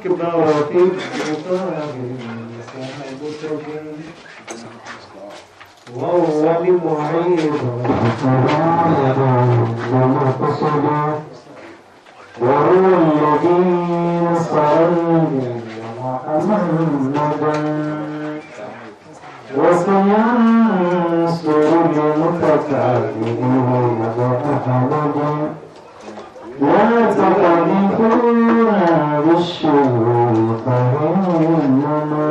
وهو المعين وما وهو الذي نصرني محمدا وسينصر المتكبرين وأحمدا وتقذفون بالشهور فإنما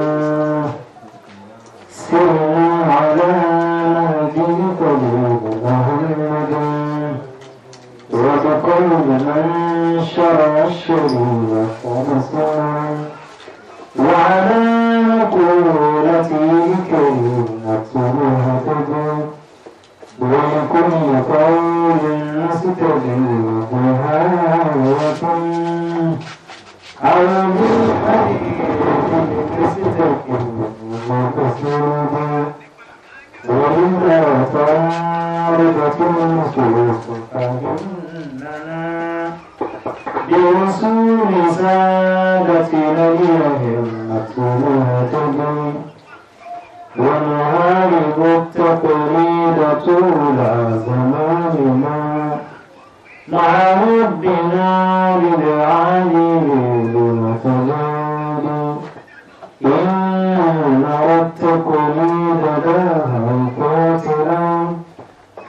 سرنا على مهده قلوبهم مدى وتقول من شرع الشرور فمسرا وعلى مقولته كلمة مهتدى ولكل قول مستجيب لكم أو وإن أعطاردكم الخلوف فإننا برسول سادتنا همتنا تضل ونهارب التقليد طول زماننا مع ربنا بالعلي بالخلود إن ربكم لداه قاتلا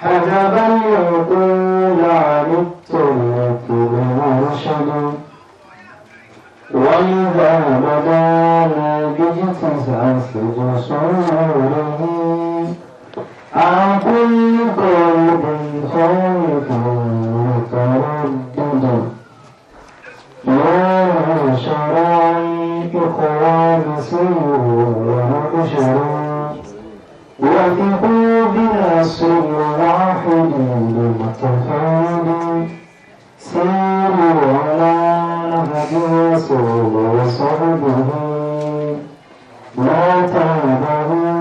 حجب العقول عن الترك بالرشد وإذا بدانا بجتس أسجد صوره أقول قول خوف وتردد يا معشر الإخوان سيروا وانشروا وثقوا بنصر واحد متفاد سيروا على نهج رسول وصحبه لا تعبه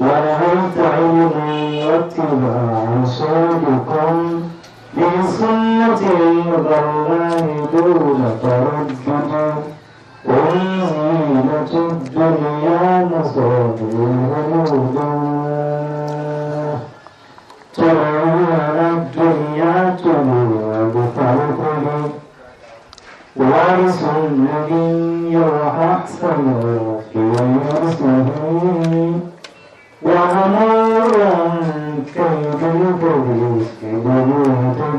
ونهيت عن واتباع صادقا بسنة الله دون تردد وزينة الدنيا مصابيح الهدى ترى الدنيا تمر بفرقه وارث النبي وأحسن في ويرثه وأمر كيد البريد بنوده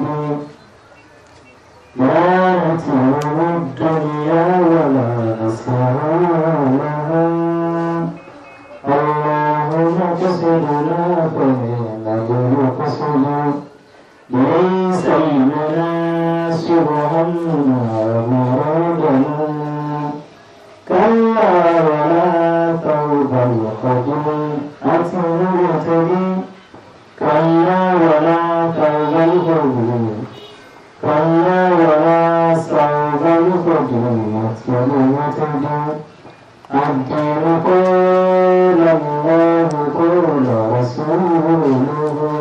لا تهم الدنيا ولا أسرارها اللهم اقصدنا فمن المقصد ليس المناصر همنا ومرادنا كلا الدين قول الله قول رسوله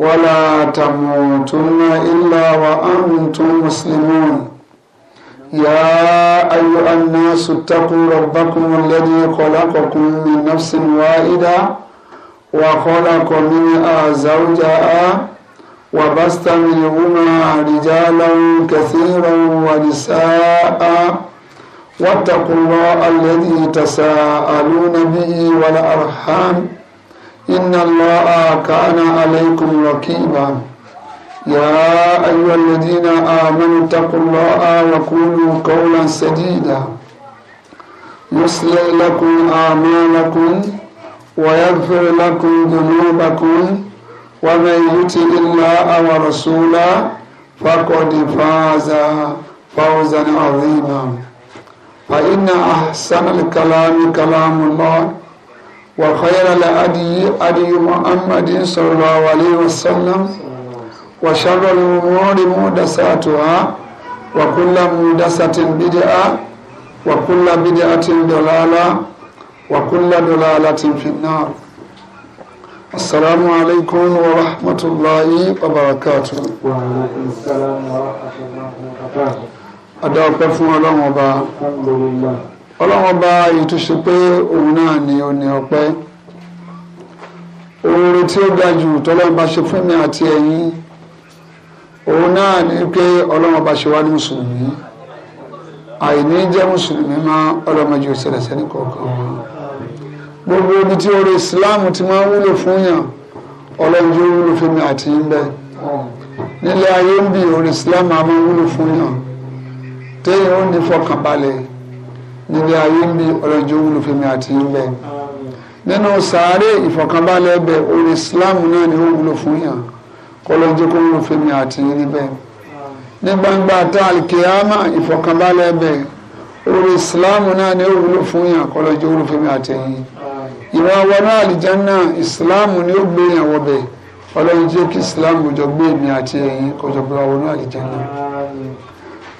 ولا تموتن إلا وأنتم مسلمون يا أيها الناس اتقوا ربكم الذي خلقكم من نفس واحدة وخلق منها زوجها وبست منهما رجالا كثيرا ونساء واتقوا الله الذي تساءلون به والأرحام إن الله كان عليكم رقيبا يا أيها الذين آمنوا اتقوا الله وقولوا قولا سديدا يصلح لكم أعمالكم ويغفر لكم ذنوبكم ومن يطع الله ورسوله فقد فاز فوزا عظيما فإن أحسن الكلام كلام الله وخير الهدي هدي محمد صلى الله عليه وسلم وشر الأمور محدثاتها وكل محدثة بدعة وكل بدعة ضلالة وكل ضلالة في النار السلام عليكم ورحمة الله وبركاته وعليكم السلام ورحمة الله وبركاته أدعوكم الله الحمد لله ọlọ́run bá ìtúnṣe pé òun náà ni ó ní ọpẹ́ oore tí ó ga jù tọ́lọ́run bá ṣe fún mi àti ẹ̀yin òun náà ni pé ọlọ́run bá ṣe wá ní mùsùlùmí àìní jẹ́ mùsùlùmí máa ọlọ́mọdé òṣèlèṣẹ́ ní kọ̀ọ̀kan gbogbo ibi tí oore Islam ti máa ń wúlò fún yàn ọlọ́run yóò wúlò fún mi àti yín bẹ́ẹ̀ nílé ayé ń bì oore Islam máa ń wúlò fún yàn téèyàn ó ní fọkànbalẹ̀ nílé ayé ń bí ọlọ́jọ́ wúlò fèmí àti ilẹ̀ nínú sàárè ìfọ̀kànbalẹ̀ ẹbẹ̀ orí Islam náà ni ó wúlò fún yàn kọlọ́jọ́ kó wúlò fèmí àti níbẹ̀ ní gbangba tá alikiyama ìfọ̀kànbalẹ̀ ẹbẹ̀ orí Islam náà ni ó wúlò fún yàn kọlọ́jọ́ wúlò fèmí àti yìí ìwà wọnà àlìjánná Islam ni ó gbé yàn wọbẹ̀ ọlọ́run jẹ́ kí Islam jọ gbé èmi àti ẹ̀yin kọjọ gbé wọnà àlìjánná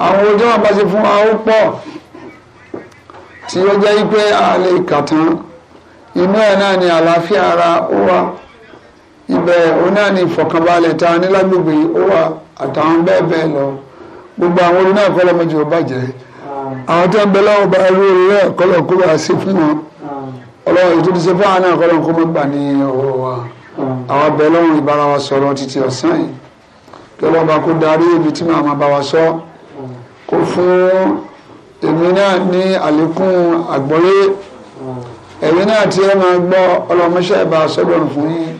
àwọn ọjọ́ àbáṣe fún wa pọ̀ tí ó jẹ́ pé àlè kàtán inú ẹ̀ náà ni àlàáfíà ara ó wà ibẹ̀ òun náà ni ìfọ̀kànbalẹ̀ tá a ní lágbègbè ó wà àtàwọn bẹ́ẹ̀ bẹ́ẹ̀ lọ gbogbo àwọn orin náà kọ́lọ́ mọ́jú ó bàjẹ́ àwọn tó ń bẹ lọ́wọ́ bá irú orin rẹ̀ kọ́lọ́ kó bá sí fún wọn ọlọ́wọ́ ètò ìdíje fún àwọn náà kọ́lọ́ kó mọ́ gbà ní ọ̀rọ̀ wa àwọn bẹ̀ lọ́wọ́ ìbára wa sọ̀rọ̀ títí ọ̀sán yìí kí ọlọ́ba kó darí ibi tí màmá bá wa sọ kó fún èmi náà ní àlékún àgbọ́yé ẹ̀yin náà tí ẹ máa gbọ́ ọlọ́mọṣẹ́ bá a sọ́dọ̀rùn fún yín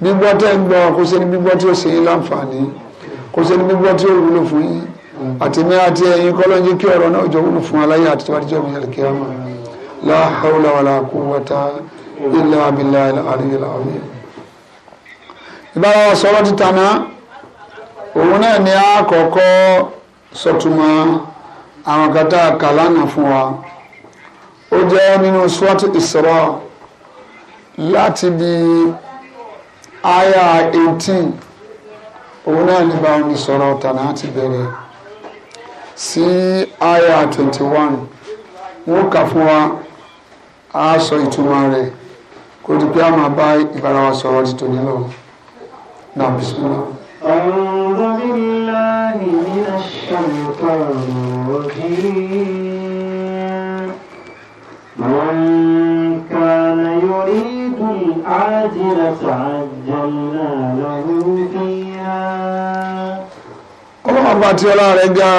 gbígbọ́ tẹ́ ń gbọ́ kó sẹ́ni gbígbọ́ tí ó ṣe yín láǹfààní kó sẹ́ni gbígbọ́ tí ó wúlò fún yín àti mi àti ẹ̀yin kọ́lọ́ jẹ́ kí ọ̀rọ̀ náà jọ wúlò fún aláyé àti tíwájú jọ́ ìyá kí á mọ̀ la hawla wala quwwata illa billahil aliyyil azim. ìbára àwọn kan tá a kà lánàá fún wa ó jẹ́ nínú swati Isra láti bí aya 18, òun náà ní bá omi sọ̀rọ̀ tànà ti bẹ̀rẹ̀ sí aya 21, one wọ́n kà fún wa a sọ ìtumọ̀ rẹ̀ kó di pé bá ìbára wa sọ̀rọ̀ títò nílò náà bisimilá. أعوذ بالله من الشيطان الرجيم من كان يريد العاجلة عجلنا له فيها ọlọ́run ọba tí ọlá rẹ̀ ga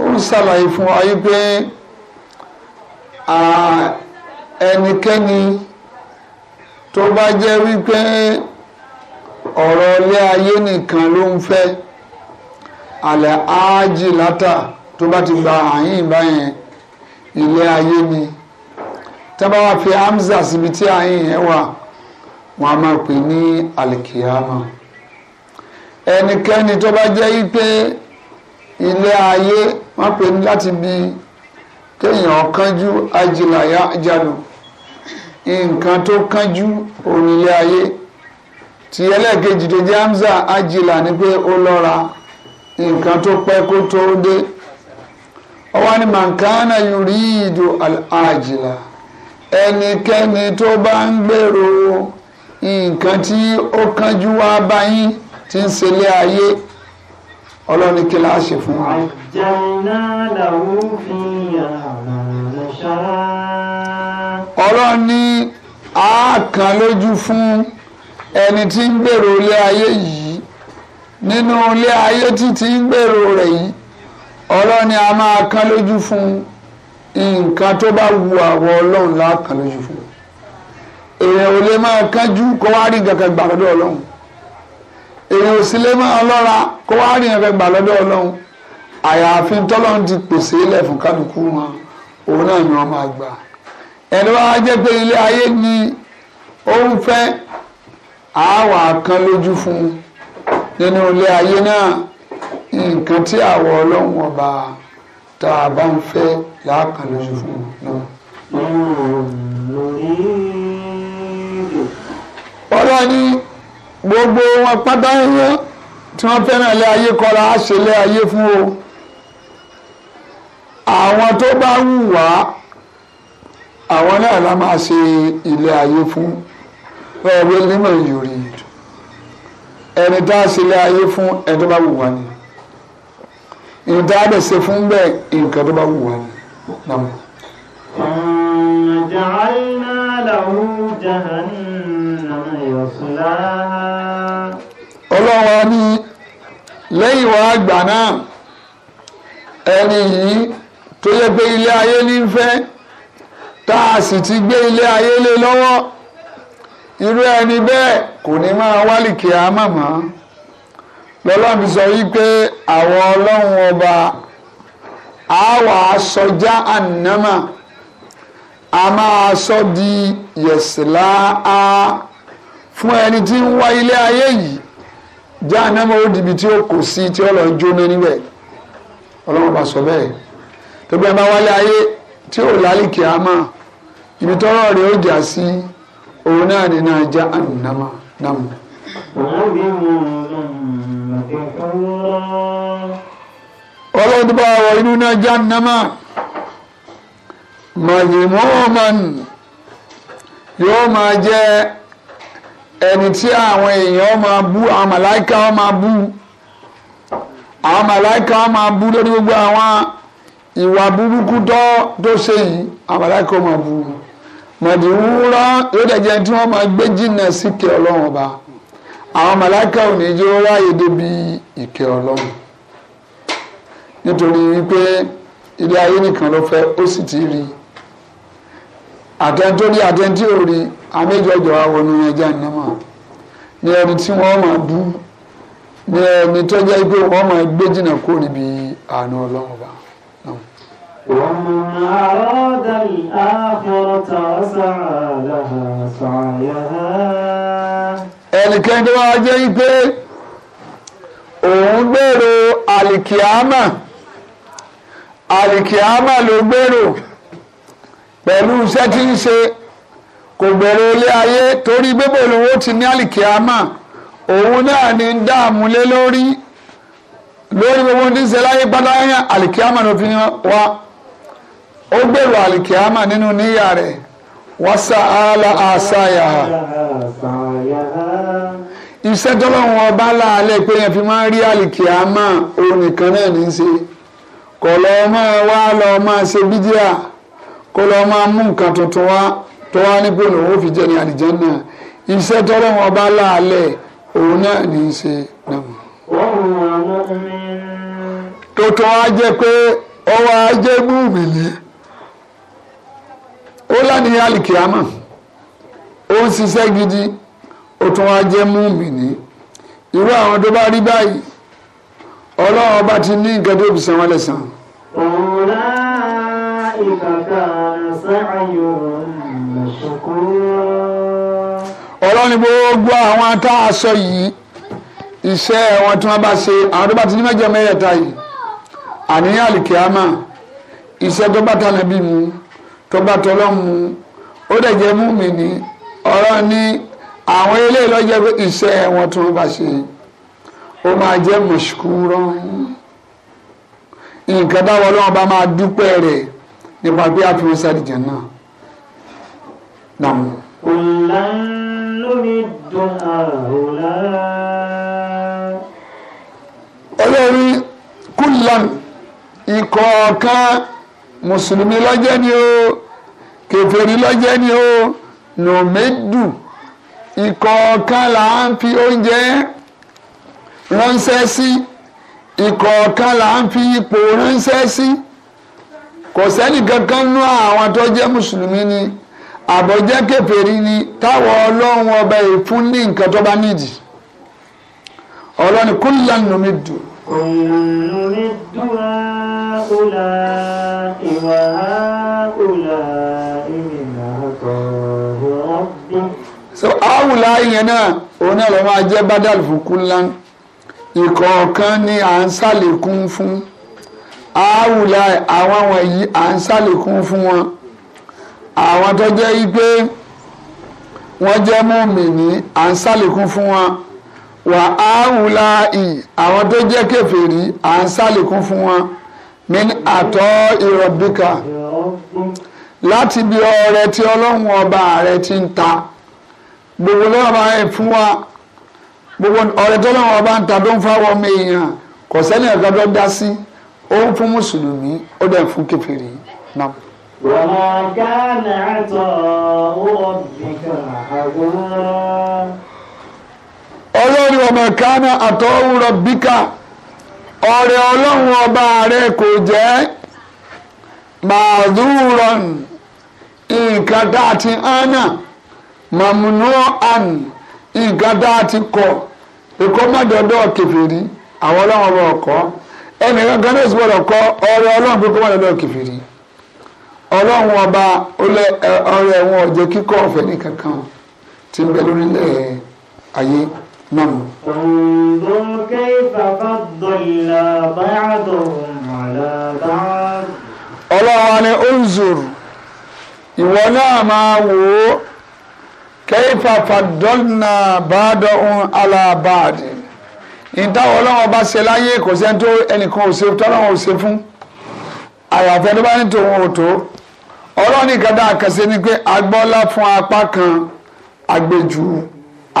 ó ń ṣàlàyé fún wa wípé ẹnikẹ́ni tó bá jẹ́ wípé ọ̀rọ̀ ilé ayé nìkan ló ń fẹ́ àlẹ́ áájì látà tó bá ti gba àyìn báyẹn ilé ayé ni tábà wá fi hamza síbi tí àyìn yẹn wà wọn a máa pè ní alikiyama ẹnikẹ́ni tó bá jẹ́ wípé ilé ayé wọ́n pè ní láti bi kéèyàn kánjú ajìláyà jálù nǹkan tó kánjú òun ilé ayé tí ẹlẹ́ẹ̀kejì tó jẹ́ Hamza ajila ni pé ó lọ́ra nǹkan tó pẹ́ kó tó dé ọwọ́ ni mankana yuridu al-ajila ẹnikẹ́ni tó bá ń gbèrò nǹkan tí ó kánjú wá báyìí tí ń ṣe ayé ọlọ́ni kí ṣe fún wa. ọlọ́ni a lójú fún un ẹni tí ń gbèrò ilé ayé yìí nínú ilé ayé tí ti ń gbèrò rẹ̀ yìí ọlọ́ni a máa kán lójú fún nǹkan tó bá wu àwọn ọlọ́run láàkán lójú fún èèyàn ò lè máa kánjú kó wá rí nǹkan kan gbà lọ́dọ̀ ọlọ́run èèyàn ò sì lè máa lọ́ra kó wá rí nǹkan kan gbà lọ́dọ̀ ọlọ́run àyàfi tọ́lọ́run ti pèsè ilẹ̀ fún kálukú wọn á wà kán lójú fún un nínú ilé ayé náà nǹkan tí àwọ̀ ọlọ́run ọba tá a bá ń fẹ́ yà á kàn lójú fún un náà. ọlọ́run ní gbogbo wọn pátá yẹn tí wọ́n fẹ́ràn ilé ayé kọ́ra á ṣe ilé ayé fún o àwọn tó bá wù wá àwọn náà la máa ṣe ilé ayé fún wẹ́ẹ̀wé mímọ̀ ìyòrì ẹni tá a ṣe lé ayé fún ẹni tó bá wù wá ni ẹni tá a dẹ̀ ṣe fún bẹ́ẹ̀ nǹkan tó bá wù wá ni. ja'alna lahu jahannama yaslaha. ọlọ́wọ́ ní lẹ́yìn wá àgbà náà ẹni yìí tó yẹ pé ilé ayé ní fẹ́ tá a sì ti gbé ilé ayé lé lọ́wọ́ irú ẹni bẹ́ẹ̀ kò ní máa wálìkì àmàmọ́ lọ́lọ́run fi sọ wípé àwọn ọlọ́run ọba àwa sọjá ànámà a máa sọ di yẹ̀sìlá á fún ẹni tí ń wá ilé ayé yìí já ànámà ó dìbì tí ó kò sí tí ó lọ jóná níbẹ̀ ọlọ́run ọba sọ bẹ́ẹ̀ tó bí ẹ bá wálé ayé tí ò lálìkì àmà ibi tọ́rọ̀ rẹ̀ ó jà sí. Si òun náà ní náà já ànàmà náà. ọlọ́run tó bá wọ inú náà já ànàmà màdìmọ́ọ̀mọ́n yóò máa jẹ́ ẹni tí àwọn èèyàn máa bú àwọn màláìka máa bú àwọn màláìka máa bú lórí gbogbo àwọn ìwà burúkú tó ṣe yìí àwọn màláìka máa bú mọ̀dì wúrọ́ yóò dẹ̀ jẹ́ tí wọ́n máa gbé jìnnà sí ìkẹ́ ọlọ́run ọba àwọn màláìka ò ní jẹ́ ráàyè débi ìkẹ́ ọlọ́run nítorí wípé ilé ayé nìkan ló fẹ́ ó sì ti rí àtẹ̀ntórí àtẹ̀ntí ò rí àméjọjọ àwọn ènìyàn jahannama ní ẹni tí wọ́n máa bú ní ẹni tó jẹ́ pé wọ́n máa gbé jìnnà kó níbi àánú ọlọ́run ọba. ومن أراد الآخرة وسعى لها سعيها ẹnikẹ́ni tó wáá jẹ́ pé òun gbèrò àlìkíámà àlìkíámà ló gbèrò pẹ̀lú iṣẹ́ tí ń ṣe kò gbèrò ilé ayé torí gbébò lówó ti ní àlìkíámà òun náà ní dààmú lé lórí lórí gbogbo tí ṣe láyé pátá yẹn àlìkíámà ló fi wá. ó gbèrò àlìkíámà nínú níyà rẹ̀ wàsà àlà àṣàyà iṣẹ́ tọ́lọ́run ọba láàlẹ́ pé yẹn fi máa rí àlìkíámà òun nìkan náà ní í ṣe kò lọ máa wá lọ máa ṣe bídíà lọ máa mú nǹkan tuntun wá tó wá ní pé ò fi ọba òun náà ní í ṣe náà. tó tó wá pé ajé ó lánìí alìkìámà ó ń ṣiṣẹ́ gidi ó tún wá jẹ́ múmìnì irú àwọn tó bá rí báyìí ọlọ́run ọba ti ní nǹkan tó fi san wọn lẹ́san. ọ̀la ìkàkà sáàyò ọlọ́run ni gbogbo àwọn tá a sọ yìí iṣẹ́ wọn tí wọ́n bá ṣe àwọn tó bá ti ní mẹ́jọ mẹ́rẹ̀ẹ̀ta yìí àníyàn àlìkìámà iṣẹ́ tó bá tà lẹ́bí mu tó bá tọlọ́mù ó dẹ̀ jẹ́ mùmínì ọ̀rọ̀ ni àwọn eléyìí ló jẹ́ pé iṣẹ́ wọn tó bá ṣe ó máa jẹ́ mọ̀ṣúkúrọ̀ nǹkan táwọn ọlọ́run bá máa dúpẹ́ rẹ̀ nípa pé a fi wọ́n sáré jẹ̀ náà. Nàmú. Kullan numiddu haula. Olórí Kullan ìkọ̀ọ̀kan mùsùlùmí lọ́jẹ́ ni o kèfèrí lọ́jẹ́ ni o nùmẹ́dù ìkọ̀ọ̀kan là ń fi oúnjẹ ránṣẹ́ sí ìkọ̀ọ̀kan là ń fi ipò ránṣẹ́ sí kò sẹ́ni kankan nú àwọn tó jẹ́ mùsùlùmí ni àbọ̀jẹ́ kèfèrí ni táwọn ọlọ́run ọba ìfún ní nǹkan tó bá nídìí ọlọ́ni kúlíyà nùmẹ́dù. كل نمد هؤلاء وهؤلاء من عطاء ربك so àwùlá هنا، هنا لما náà ló máa jẹ́ bádàlù fúnkún ńlá ìkọ̀ọ̀kan ni à ń ṣàlékún fún àwùlá àwọn wọ̀nyí à ń ṣàlékún fún wọn àwọn tó jẹ́ wípé wọ́n jẹ́ mọ́mìnì à ń ṣàlékún fún wọn wà á wùlá ì àwọn tó jẹ́ kèfèrí à ń sálẹ̀kún fún wọn ní àtọ́ ìrọ̀bíkà láti bí ọrẹ tí ọlọ́run ọba rẹ ti ń ta gbogbo lọ́wọ́ bá ń fún wa gbogbo ọrẹ tí ọlọ́run ọba ń ta tó ń fáwọn ọmọ èèyàn kò sẹ́ni ẹ̀ka tó dá sí ó ń fún mùsùlùmí ó dẹ̀ fún kèfèrí náà. وما كان عطاء ربك محظورا ọlọ́run ọmọ kánà àtọ́wúrọ̀ bíkà ọ̀rẹ́ ọlọ́run ọba rẹ kò jẹ́ màdúrọ̀ nǹkan tá a ti hánà màmúnú àn nǹkan ẹnì kankan náà sì kọ ọ̀rẹ́ ọlọ́run pé kó mọ́dọ̀dọ̀ ọba ẹ̀wọ̀n ọ̀jẹ̀ kíkọ́ ọ̀fẹ́ nìkankan ti ń bẹ lórílẹ̀ نعم انظر كيف فضل بعضهم على بعض ọlọ́wọ́ ni unzur ìwọ náà máa wò ó kẹ́yìfà fàdọ́nà bàdọ̀ ohun alábàdì ìtawọ̀ ọlọ́wọ́ bá ṣe láyé kò sẹ́ni tó ẹnìkan ò ṣe tọ́lọ́wọ́ ò ṣe fún àyàfẹ́ tó bá ní tòun ò tó ọlọ́ọ̀ni kàdá àkàṣe ni pé agbọ́lá fún apá kan agbẹ́jú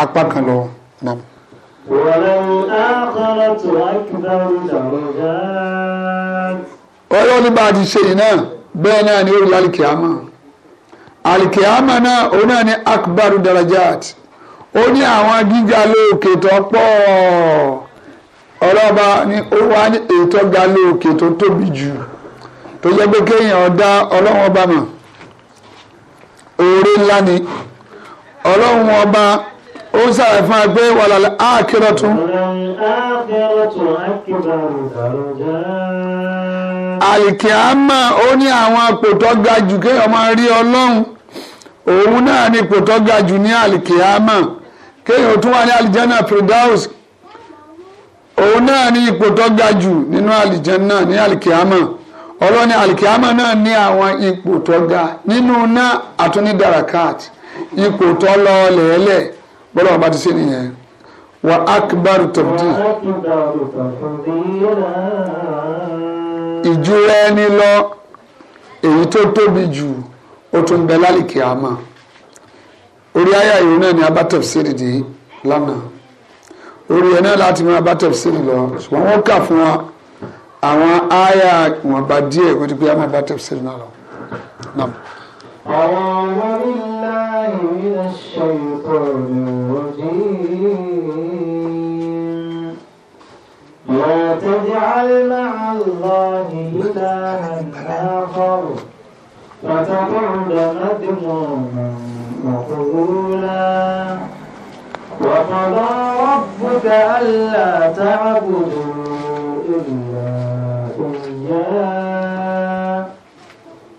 apá kan lọ. نعم ọlọ́run ní bá ṣe náà bẹ́ẹ̀ náà ni ó rí alikiyama alikiyama náà ni àwọn gíga lóòkè tó pọ̀ ọlọ́ba ni ó wá ní ètò ga lóòkè tó tóbi jù tó yẹ pé kéèyàn dá ọlọ́run ọba mọ̀ oore ńlá ni ọlọ́run ọba. ó ń sàlàyé fún wa walala wàlà áàkìrọ̀ tún. àlìkìámà ó ní àwọn kee ga jù kéèyàn máa rí ọlọ́run òun náà ni ipò ga jù ní àlìkìámà kéèyàn tún wà ní àlìjánà firdaus òun náà ni ipò ga jù nínú àlìjánà ní ọlọ́ni náà ní àwọn ga nínú náà ipò tó lọ bọ́lá wọn bá ti ṣe nìyẹn wa akbar tọ̀dí. ìjúra ẹni lọ èyí tó tóbi jù ó tún bẹ lálìkè àmà orí àyà yìí náà ni abatọ̀ sílì dé lánàá orí ẹ̀ náà láti máa abatọ̀ sílì lọ ṣùgbọ́n wọ́n kà fún wa àwọn àyà wọn bá díẹ̀ kó ti pé a máa abatọ̀ náà lọ. أعوذ بالله من الشيطان الرجيم لا تجعل مع الله إلها آخر فتقعد مذموما مقبولا وقضى ربك ألا تعبدوا إلا إياه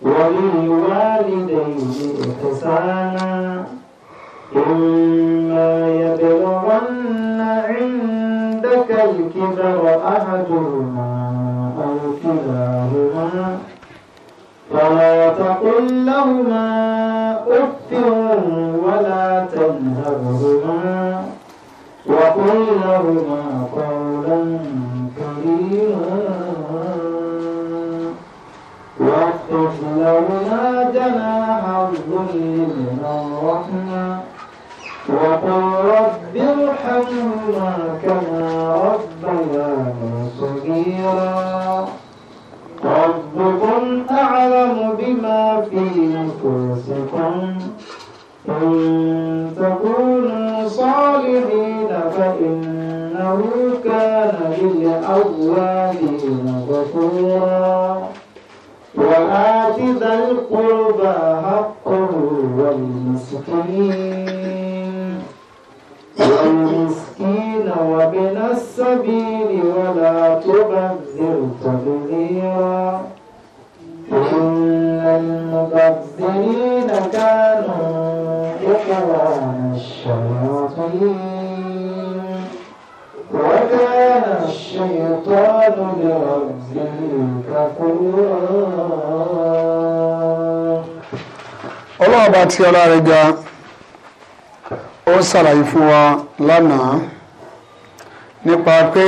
وللوالدين إحسانا إما يبلغن عندك الكبر أحدهما أو كلاهما فلا تقل لهما أف ولا تنهرهما وقل لهما قولا كريما لولا جناح الظل من الرحمة وقل رب ارحمهما كما ربنا صغيرا ربكم أعلم بما في نفوسكم إن تكونوا صالحين فإنه كان للأوالين غفورا وآت ذا القربى حقه والمسكين والمسكين وابن السبيل ولا تبذر تبذيرا إن المبذرين كانوا إخوان الشياطين الشيطان لربك قرآن ọlọ́run bá tí ọlá rẹ̀ ga ó ṣàlàyé fún wa lánàá nípa pé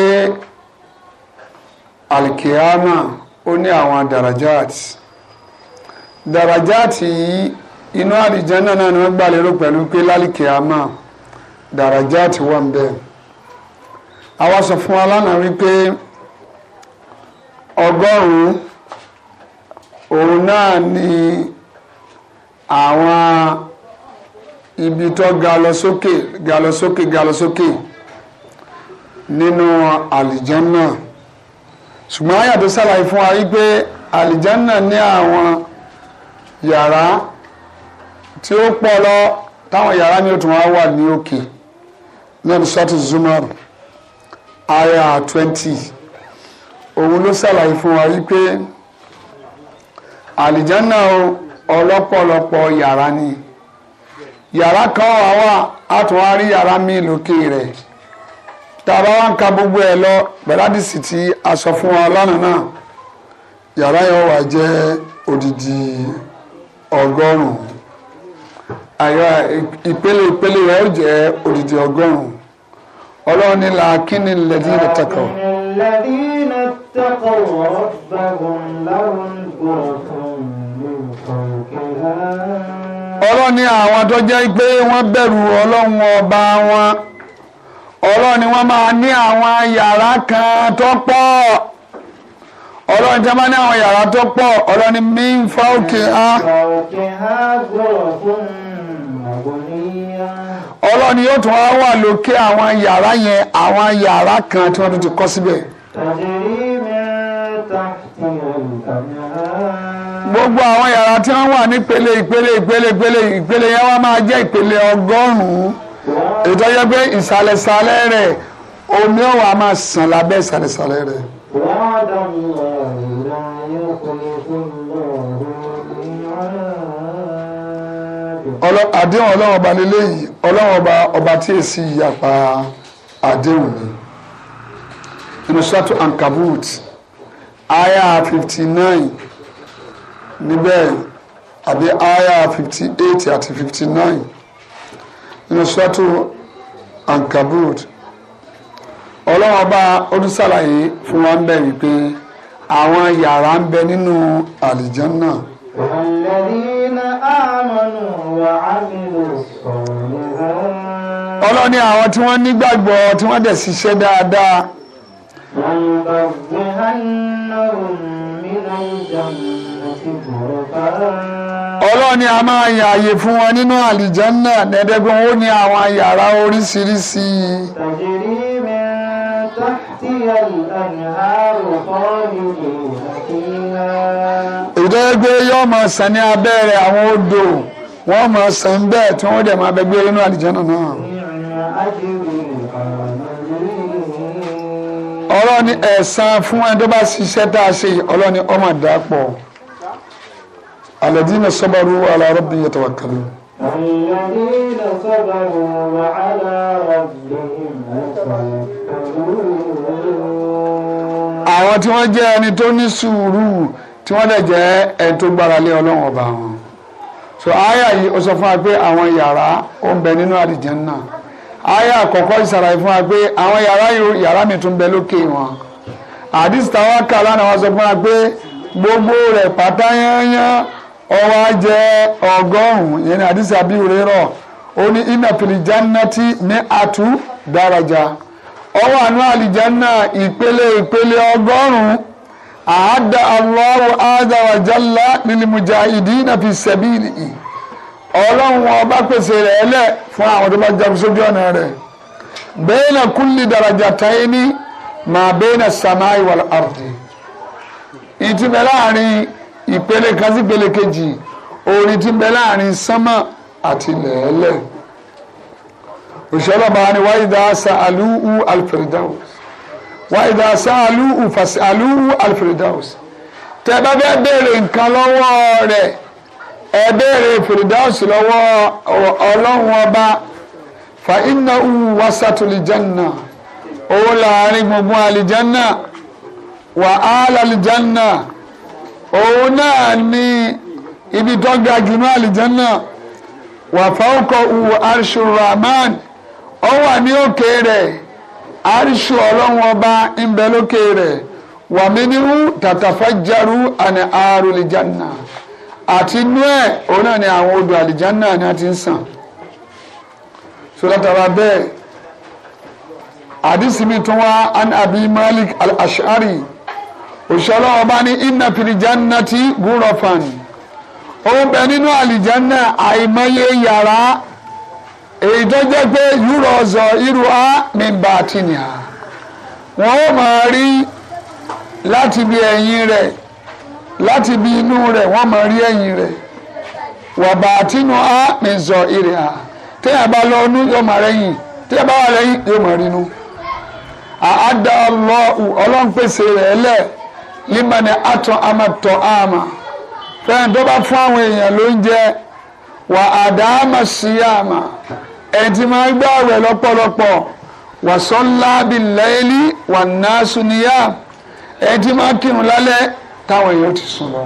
alikiyama ó ní àwọn dàrájáàtì dàrájáàtì yìí inú àdìjẹ́ náà ni wọ́n gbà lérò pẹ̀lú pé lálìkiyama dàrájáàtì wà ń bẹ́ẹ̀ àwa sọ fún wa lánàá wípé ọgọ́rùn-ún òun náà ni àwọn ibi tó ga lọ sókè ga lọ sókè ga lọ sókè nínú àlìjánná ṣùgbọ́n àyà tó ṣàlàyé fún wa wípé àlìjánná ní àwọn yàrá tí ó pọ̀ lọ táwọn yàrá ni ó tún wá wà ní òkè náà ní sọ́tù zumar. aya 20 òun ló ṣàlàyé fún wa wípé àlìjánná ọlọ́pọ̀lọpọ̀ yàrá ni yàrá kan wà wà á rí yàrá míì lókè rẹ̀ ka gbogbo ẹ̀ lọ bẹ̀rẹ̀dìsì tí a sọ fún wa lánàá náà yàrá yẹn jẹ́ odidi ọgọ́rùn-ún ìpele odidi ọgọ́rùn ọlọ́run ní làákínní lẹ́dí ní tẹ̀kọ̀. àwọn tó jẹ́ pé wọ́n bẹ̀rù ọlọ́run ọba wọn ọlọ́run ní wọ́n máa ní àwọn yàrá kan tó pọ̀ ọlọ́run tí máa ní àwọn yàrá tó pọ̀ ọlọ́run ní ń fa òkè á. ọlọ́ni yóò tún wá wà lókè àwọn yàrá yẹn àwọn yàrá kan tí wọ́n tún ti kọ́ síbẹ̀. gbogbo àwọn yàrá tí wọ́n wà ní ìpele ìpele ìpele ìpele ìpele yẹn wá máa jẹ́ ìpele ọgọ́rùn-ún ètò pé ìsàlẹ̀sàlẹ̀ rẹ̀ omi ọ̀wà máa sàn lábẹ́ ìsàlẹ̀sàlẹ̀ rẹ̀. wọ́n dàbí ọ̀rọ̀ ìlànà yóò kọ́lé. àdéhùn ọlọ́run ọba lélẹ́yìn ọlọ́run ọba ọba tí èsì ìyapa àdéhùn ni inú sọ́tò ankabut aya fifty nine níbẹ̀ àbí aya fifty eight àti fifty nine inú sọ́tò ankabut ọlọ́run ọba olùsàlàyé fún wa ń bẹ̀ wípé àwọn yàrá ń bẹ nínú àlìjánná náà ọlọ́ni àwọn tí wọ́n nígbàgbọ́ tí wọ́n dẹ̀ ṣiṣẹ́ dáadáa. ọlọ́ni a máa yàn àyè fún wọn nínú àlìjánná nẹ́ẹ̀dẹ́gbọ́n ó ní àwọn yàrá oríṣiríṣi. tajiri min tahtiha al-anharu khalidina ìdọ́jọ́ gbé yóò máa sàn ní abẹ́rẹ́ àwọn odò wọ́n máa sàn bẹ́ẹ̀ tí wọ́n dẹ̀ máa bẹ gbé nínú àlìjánà náà. ọlọ́run ní ẹ̀san fún ẹni tó bá ṣiṣẹ́ tá a ṣe ọlọ́run ní ọmọ àdàpọ̀ alladhina sabaru ala rabbihim yatawakkalun. alladhina sabaru ala rabbihim yatawakkalun àwọn tí wọ́n jẹ́ ẹni tó ní sùúrù tí wọ́n dẹ̀ jẹ́ ẹni tó gbára lé ọlọ́run ọba wọn so aya yìí ó sọ fún wa pé àwọn yàrá ó ń bẹ nínú àlìjẹ́nnà aya àkọ́kọ́ ìsàlàyé fún wa pé àwọn yàrá yàrá mi tún bẹ lókè wọn àdìsí táwa kà lánàá wọn sọ fún wa pé gbogbo rẹ̀ pátá yányán ọwọ́ jẹ́ ọgọ́rùn-ún yẹn ni àdìsí àbí òrérọ̀ ó ní ìnàpìlì jannati ní àtú daraja ó wà ní àlìjánná ìpele ìpele ọgọ́rùn-ún àádá Allahu azza wa jalla lil mujahidina fi sabilihi ọlọ́run ọba pèsè rẹ̀ ẹlẹ́ fún àwọn tó bá jagun sójú ọ̀nà rẹ̀ bayna kulli darajatayni ma bayna samai wal ardi ìtì bẹ láàrin ìpele kan sí ìpele kejì orin ti bẹ láàrin sánmà àti lẹ̀ẹ́lẹ̀ òṣìṣẹ́ lọ́ba ni wáyé dá sa'aluhu al-firdaus wáyé dá sa'aluhu fas'aluhu al-firdaus tẹ bá fẹ́ béèrè nǹkan lọ́wọ́ rẹ̀ ẹ béèrè firdaus lọ́wọ́ ọlọ́run ọba fa innahu wasatul janna owó láàrin gbùngbùn àlìjánná wà á lálìjánná òun náà ní ibi tó ga jù ní àlìjánná wà fawqa u arshur rahman ó wà ní òkè rẹ̀ àríṣù ọlọ́run ọba ń bẹ lókè rẹ̀ wàmínú tàtàfàjárú àni àrùlìjánà àti inú ẹ̀ òun náà ni àwọn odò àlìjánà ni a ti ń sàn so bẹ́ẹ̀ àdìsí tún wá an malik al-ashari òṣèlú ọba ní inna filijanna ti gúrọ̀fàn òun bẹ nínú àlìjánà àìmọye yàrá èyí tó jẹ́ pé yúrọ̀ ọ̀zọ̀ irú á mi bá a ti nìyà wọ́n ó máa rí láti bí ẹ̀yìn rẹ̀ láti bí inú rẹ̀ wọ́n máa rí ẹ̀yìn rẹ̀ wà bá a tínú zọ ìrìn à téèyàn bá lọ inú yóò máa rẹ́yìn téèyàn bá wà lẹ́yìn yóò máa rẹ̀ lẹ̀ límọ̀nì àtọ̀ àmàtọ̀ àmà fẹ́ẹ̀ tó bá fún àwọn èèyàn wà ẹni tí máa ń gbá àwẹ̀ lọ́pọ̀lọpọ̀ wàsánlá bìláìlì wà náà sunìyà ẹni tí máa kírun lálẹ́ táwọn èèyàn ti sùn lọ.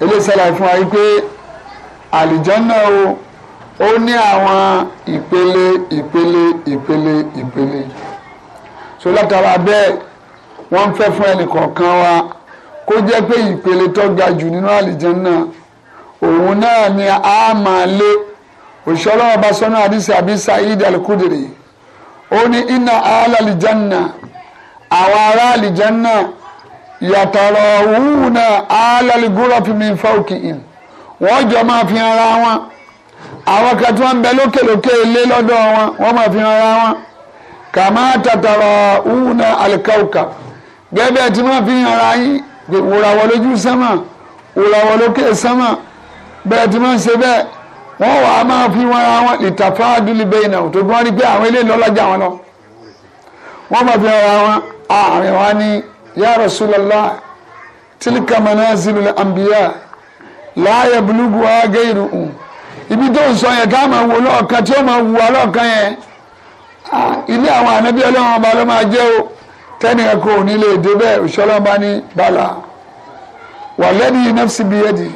eléyìí ṣàlàyé fún wa yìí pé àlìjánná o ó ní àwọn ìpele ìpele ìpele ìpele so látara bẹ́ẹ̀ wọ́n ń fẹ́ fún ẹnì wa kó jẹ́ pé ìpele tó ga jù nínú àlìjánná òun náà ni a máa lé òṣìṣẹ́ ọlọ́wọ́ bá sọ́nà àdìsí àbí Sa'id al-Kudri ó ní iná alàlìjánà àwọn ará àlìjánà yàtọ̀rọ̀ òwúrù náà alàlìgúrọ̀fì min fawqihim wọ́n jọ máa fi ara wọn àwọn kan tí wọ́n ń bẹ lókèlókè ilé lọ́dọ̀ wọn wọ́n máa fi ara wọn kàmá tàtàrọ̀ òwúrù náà alikawka gẹ́gẹ́ tí wọ́n fi ara yín wòràwọ̀ lójú sánmà wòràwọ̀ lókè sánmà bẹ́ẹ̀ tí wọ́n ń ṣe bẹ́ẹ̀ wọ́n wà á máa fi wọn ara wọn ìtàfẹ́ àdúlíbẹ́ iná tó bí wọ́n rí pé àwọn eléyìí lọ́lọ́jà wọn lọ wọ́n máa fi ara wọn àárín wa ní ya Rasulullah tílíkà manazilul anbiya la yablughuha ghayruhu ibi tó ń sọ yẹn ká máa wò lọ́ọ̀kan tí ó máa wù wá yẹn ilé àwọn ànábí ọlọ́run ọba ló máa jẹ́ o tẹ́nìkan kò ní lè dé bẹ́ẹ̀ òṣèlú ọba ní bàlá wà lẹ́ni nafsi biyadi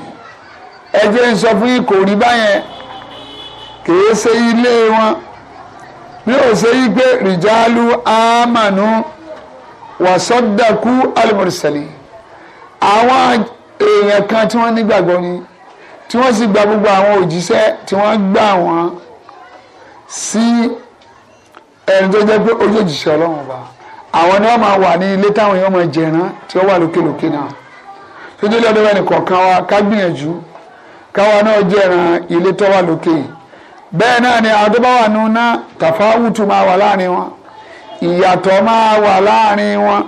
ẹ jẹ́ ń sọ fún yín kò rí báyẹn kìí ṣe ilé wọn bí ó ṣe yí pé rìjálù àmànú wàsọ́dàkú alimọ̀rìsẹ̀lì àwọn èèyàn kan tí wọ́n nígbàgbọ́ ni tí wọ́n sì gba gbogbo àwọn òjíṣẹ́ tí wọ́n gbà wọ́n sí ẹni tó jẹ́ pé ojú òjíṣẹ́ ọlọ́run ọba àwọn ni wọ́n máa wà ní ilé táwọn èèyàn máa jẹran tí ó wà lókèlókè náà tó délé ọdọ ẹnì kọ̀ọ̀kan wa ká gbìyànjú káwa náà jẹ́ran ilé tó lókè bẹ́ẹ̀ náà ni àwọn tó bá wà nínú náà tàfáwùtù máa wà láàrin wọn ìyàtọ̀ máa wà láàrin wọn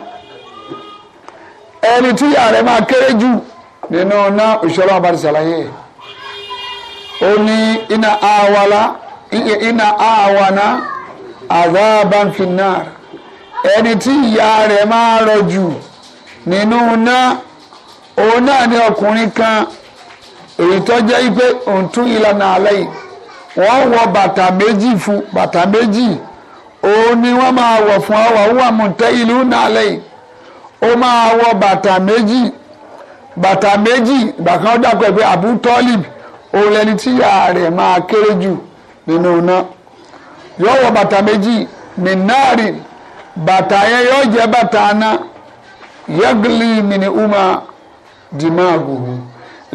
ẹni tí ìyá rẹ̀ máa kéré jù nínú náà òṣèlú àbárí ṣàlàyé ó ní iná àwàlá iná àwàná àzábàǹfìnàr ẹni tí ìyá rẹ̀ máa rọ̀ jù nínú náà òun náà ni ọkùnrin kan èyí je jẹ́ ìlànà alẹ́ yìí wọ́n wọ bàtà méjì fu bàtà méjì òun ni wọ́n máa wọ̀ fún ọwọ́ wọ́n mú tẹ́ ìlú náà yìí ó máa wọ bàtà méjì bàtà méjì bàkan ó dàpọ̀ pé Abu Talib òun lẹni tíyà rẹ̀ máa kéré jù nínú iná yóò wọ bàtà méjì mìnárì bàtà yẹn yóò jẹ́ bàtà aná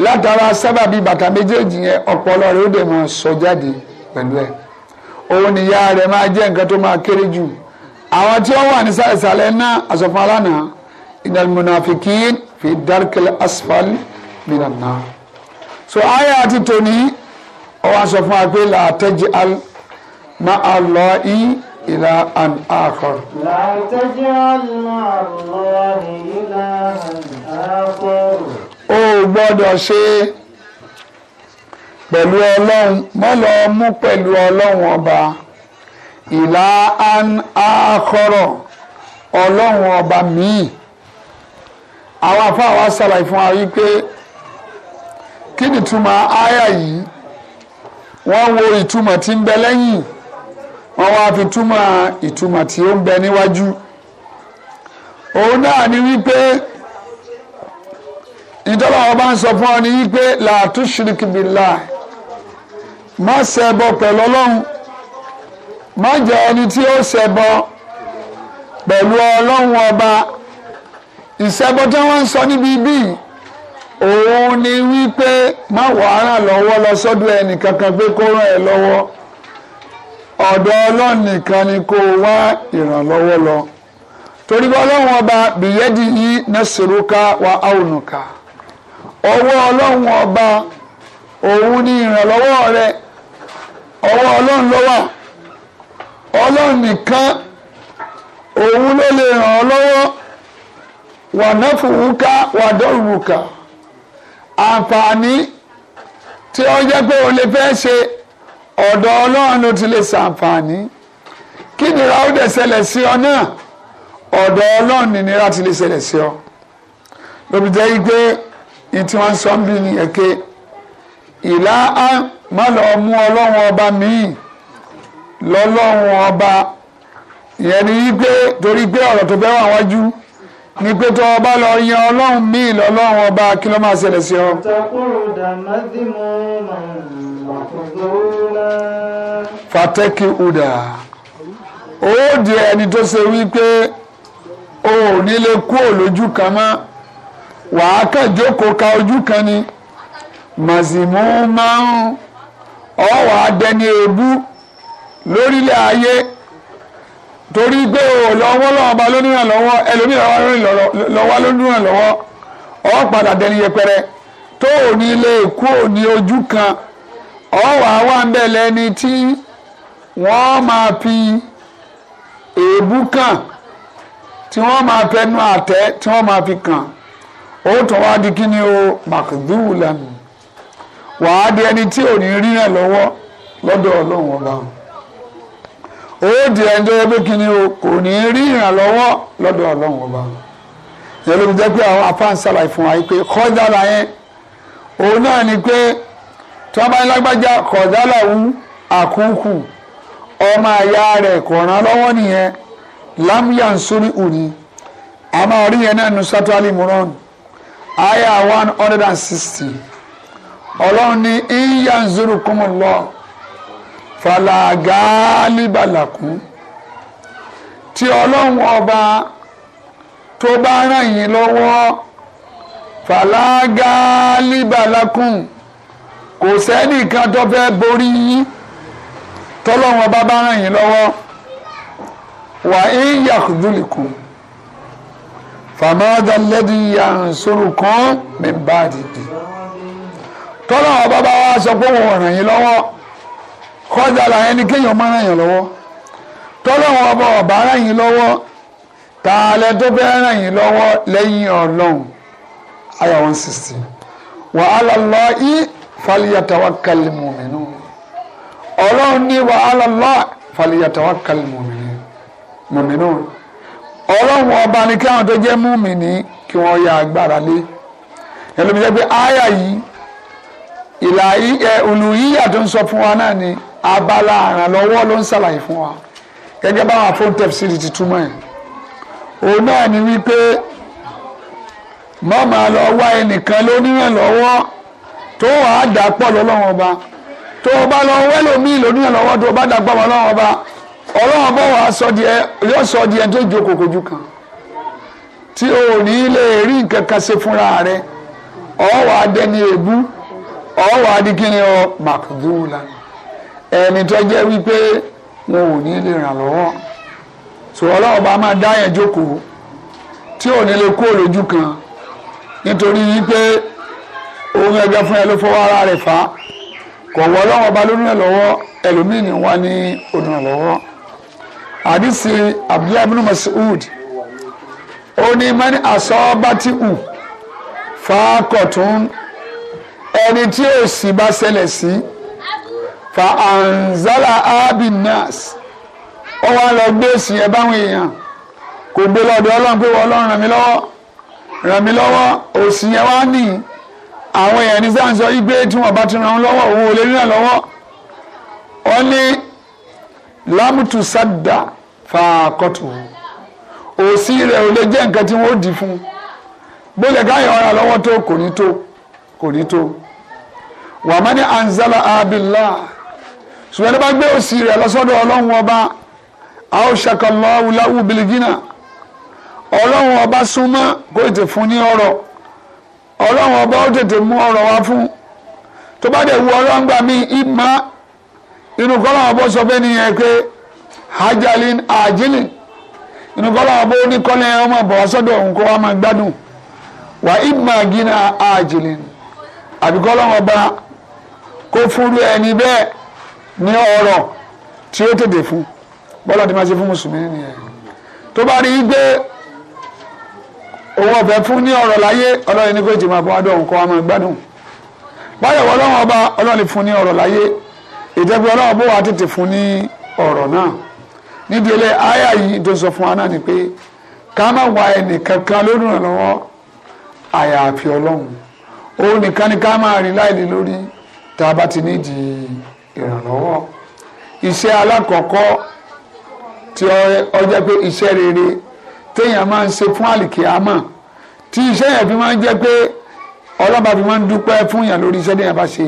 látara sábàbí bàtà méjèèjì yẹn ọpọlọ rẹ ó dẹ̀ máa sọ jáde pẹ̀lú ẹ̀ òun nìyá rẹ máa jẹ́ nǹkan tó máa kéré jù àwọn tí wọ́n wà ní sàlẹ̀sàlẹ̀ náà àsọfún alánà innal munafiqin fi darkil asfali minan nar so àyà àti tòní ọwọ́ àsọfún àgbẹ̀ làtẹ́jì al ma'a Allahi إلى أن آخر لا تجعل مع الله إلها آخر o gbọ́dọ̀ ṣe pẹ̀lú ọlọ́run mọ́ lọ mú pẹ̀lú ọlọ́run ọba ìlà àkọ́rọ̀ ọlọ́run ọba míì àwọn afáà wa ṣàlàyé fún wa wípé kí ni túmọ̀ àyà yìí wọ́n wo ìtumọ̀ tí ń bẹ lẹ́yìn wọ́n wá fi túmọ̀ ìtumọ̀ tí ó ń bẹ níwájú òun náà ni wípé. ìtọ́lá ọba ń sọ fún ọ ní wípé làtú ṣìrìkì bìlà má ṣẹbọ pẹ̀lú ọlọ́run má ẹni tí ó ṣẹbọ pẹ̀lú ọlọ́run ọba ìṣẹbọ tí wọ́n ń sọ níbi ibi òun ni wípé má lọ́wọ́ lọ sọ́dọ̀ ẹnì kankan pé kó ràn ẹ́ lọ́wọ́ ni kó o wá ìrànlọ́wọ́ lọ torí ọlọ́run ọba bìyẹ́dì ọwọ́ ọlọ́run ọba òun ni ìrànlọ́wọ́ rẹ ọwọ́ ọlọ́run ló wà ọlọ́run nìkan òun ló lè ràn ọ́ lọ́wọ́ wànáfùwúká wàdọ́rùwùká àǹfààní tí ó jẹ́ pé o lè fẹ́ ṣe ọ̀dọ̀ ọlọ́run ló ti lè ṣàǹfààní kí nira ó dẹ̀ ṣẹlẹ̀ sí ọ náà ọ̀dọ̀ ọlọ́run ni nira ti lè ṣẹlẹ̀ sí ọ lóbi jẹ́ pé ìtí wọ́n sọ ń bí ní ẹ̀kẹ́ ìlà á má lọ mú ọlọ́run ọba míì lọ́lọ́run ọba ìyẹn ni wípé torí pé ọ̀rọ̀ tó bẹ́ẹ̀ wà wájú ni pé tó ọba lọ yan ọlọ́run míì lọ́lọ́run ọba kí ló máa ṣẹlẹ̀ sí ọ. fatẹ́kì udà ó di ẹni tó ṣe wípé o ò ní lè kú òlójú kan mọ́ wàá kàn jókòó ka ojú kan ni màsìmú máa ń ọ wàá èébú lórílẹ̀ ayé torí pé o lọ́wọ́ lọ́wọ́ bá lónìràn lọ́wọ́ ẹlòmíràn lọ́wọ́ lónìràn lọ́wọ́ ọ padà dẹni yẹpẹrẹ tó o ní ilé èkó o ní ojú kan ọ wàá wà ń bẹ̀ lẹ́ni tí wọ́n máa fi èébú kàn tí wọ́n máa fẹnu àtẹ́ tí wọ́n máa fi kàn. o wá kí ni o màkìdúwù lẹ́nu wàá di ẹni tí ò ní rí rẹ̀ lọ́wọ́ lọ́dọ̀ ọlọ́run ọba di ẹni tó yẹ kí ni o kò ní rí ìrànlọ́wọ́ lọ́dọ̀ ọlọ́run ọba ìyẹn ló fi jẹ́ pé àwọn afáàn ṣàlàyé fún wa pé kọ́dàlà yẹn òun náà ni pé tí wọ́n bá lágbájá kọ̀dàlà wú ọmọ rẹ̀ kò ràn lọ́wọ́ nìyẹn lámúyà aya one hundred and sixty ọlọ́run ní iyanzurukumullah falagalibalakum tí ọlọ́run ọba tó bá ràn yín lọ́wọ́ falagalibalakum kò sẹ́nìkan tó fẹ́ borí yín tọ́lọ́run ọba bá ràn yín lọ́wọ́ wà ń yàkùdùlìkùn fàmáàdà lẹ́dí àǹsọ̀rọ̀ kan mẹ́mbà dìde tọ́lá ọba bá wá sọ pé òun ràn yín lọ́wọ́ kọjá la ẹni kéèyàn máa ràn yín lọ́wọ́ tọ́lá ọba ọba ràn yín lọ́wọ́ tààlẹ́ tó fẹ́ ràn yín lọ́wọ́ lẹ́yìn ọlọ́run aya one sixty wa ala Allahi falyatawakkal mu'minun ọlọ́run ní wa ala Allahi falyatawakkal mu'minun mu'minun ọlọ́run ọba ni káwọn tó jẹ́ múmìnì kí wọ́n ya agbára lé ẹlòmíjẹ pé àyà yìí ìlà ẹ olùyíyà tó ń sọ fún wa náà ni abala àrànlọ́wọ́ ló ń ṣàlàyé fún wa gẹ́gẹ́ báwọn afọ́ntẹ́f sì ti túmọ̀ ẹ̀ òun náà ni wípé mọ́ máa lọ wá ẹnìkan lónírànlọ́wọ́ tó wàá dà pọ̀ lọ́lọ́run ọba tó o bá lọ wẹ́lòmíì lónírànlọ́wọ́ tó o bá dà pọ̀ lọ́lọ́run ọba ọlọ́run bọ́ wàá sọ díẹ̀ yóò sọ díẹ̀ tó jókòó kojú kan tí o ní lè rí nǹkan kan ṣe fúnra rẹ ọ̀ wàá dẹni èébú ọ̀ wàá di kíni ọ màkúndúrúla ẹni tó jẹ́ wípé wọn ò ní lè ràn lọ́wọ́ sọ ọlọ́run bá máa dá yẹn jókòó tí ò ní lè kú òlójú kan nítorí wípé òun ẹgbẹ́ fún ẹ ló fọwọ́ ara rẹ̀ fà á kọ̀wọ́ ọlọ́run ọba lónìí lọ́wọ́ ẹlòmíì ni wọ́n ní onírànlọ́wọ́ àdìsí abdullahi ibn Mas'ud ó ní mẹ́ni àsọ́bátì hù fàákọ̀tún ẹni tí òṣì bá ṣẹlẹ̀ sí fa anzala abinas ó wá lọ gbé òṣì yẹn báwọn èèyàn kò gbé lọ́dọ̀ ọlọ́run pé wọ́n ọlọ́run ràn mí lọ́wọ́ ràn mí lọ́wọ́ òṣì yẹn wá nìyí àwọn èèyàn ní sáà ń sọ yí tí wọ́n bá ti ràn án lọ́wọ́ òun ò lè rí náà lọ́wọ́ ó ní lámùtù sádà fàákọ́tù òsì rẹ̀ ò lè jẹ́ nǹkan tí wọ́n ó di fún gbọ́dọ̀ káyọ̀ ọ̀rà lọ́wọ́ tó kò ní tó kò ní tó wàmánì anzala abilá ṣùgbọ́n nípa gbé òsì rẹ̀ lọ́sọ́dọ̀ ọlọ́run ọba àwòṣàkọlọ́wù láwùbìlìgínà ọlọ́run ọba súnmọ́ kó tètè fún ní ọ̀rọ̀ ọlọ́run ọba ó tètè mú ọ̀rọ̀ wá fún tó bá dẹ̀ wu ọlọ́run gbà mí ìmọ̀ inú kọ́lá ọ̀bọ sọ fẹ́ nìyẹn pé ajalin ajilin inú kọ́lá oníkọ́lẹ̀ ọmọ bọ̀wá sọ́dọ̀ wa máa gbádùn wà ìmọ̀ ajilin ọba kó fúru ẹni bẹ́ẹ̀ ní ọ̀rọ̀ tí ó tètè fún bọ́lá ṣe fún mùsùlùmí nìyẹn tó bá rí i pé ọ̀fẹ́ fún ní ọ̀rọ̀ láyé ọlọ́run ní ọba ọlọ́run fún ní ọ̀rọ̀ ìjẹ́bi ọlọ́run bó wa tètè fún ní ọ̀rọ̀ náà nídìí ilé àyà yìí tó sọ fún wa náà ni pé ká má wá ẹnì kankan lórúnlọ́wọ́ àyàfi ọlọ́run òun nìkan ni ká máa rí láìlè lórí tá a bá ti nídìí ìrànlọ́wọ́ iṣẹ́ alákọ̀ọ́kọ́ tí ó jẹ́ pé iṣẹ́ rere téèyàn máa ń ṣe fún àlìkíyàmọ̀ tí iṣẹ́ yẹn fi máa ń jẹ́ pé ọlọ́ba fi máa ń dúpẹ́ fún yàn lórí iṣẹ́ téèyàn bá ṣe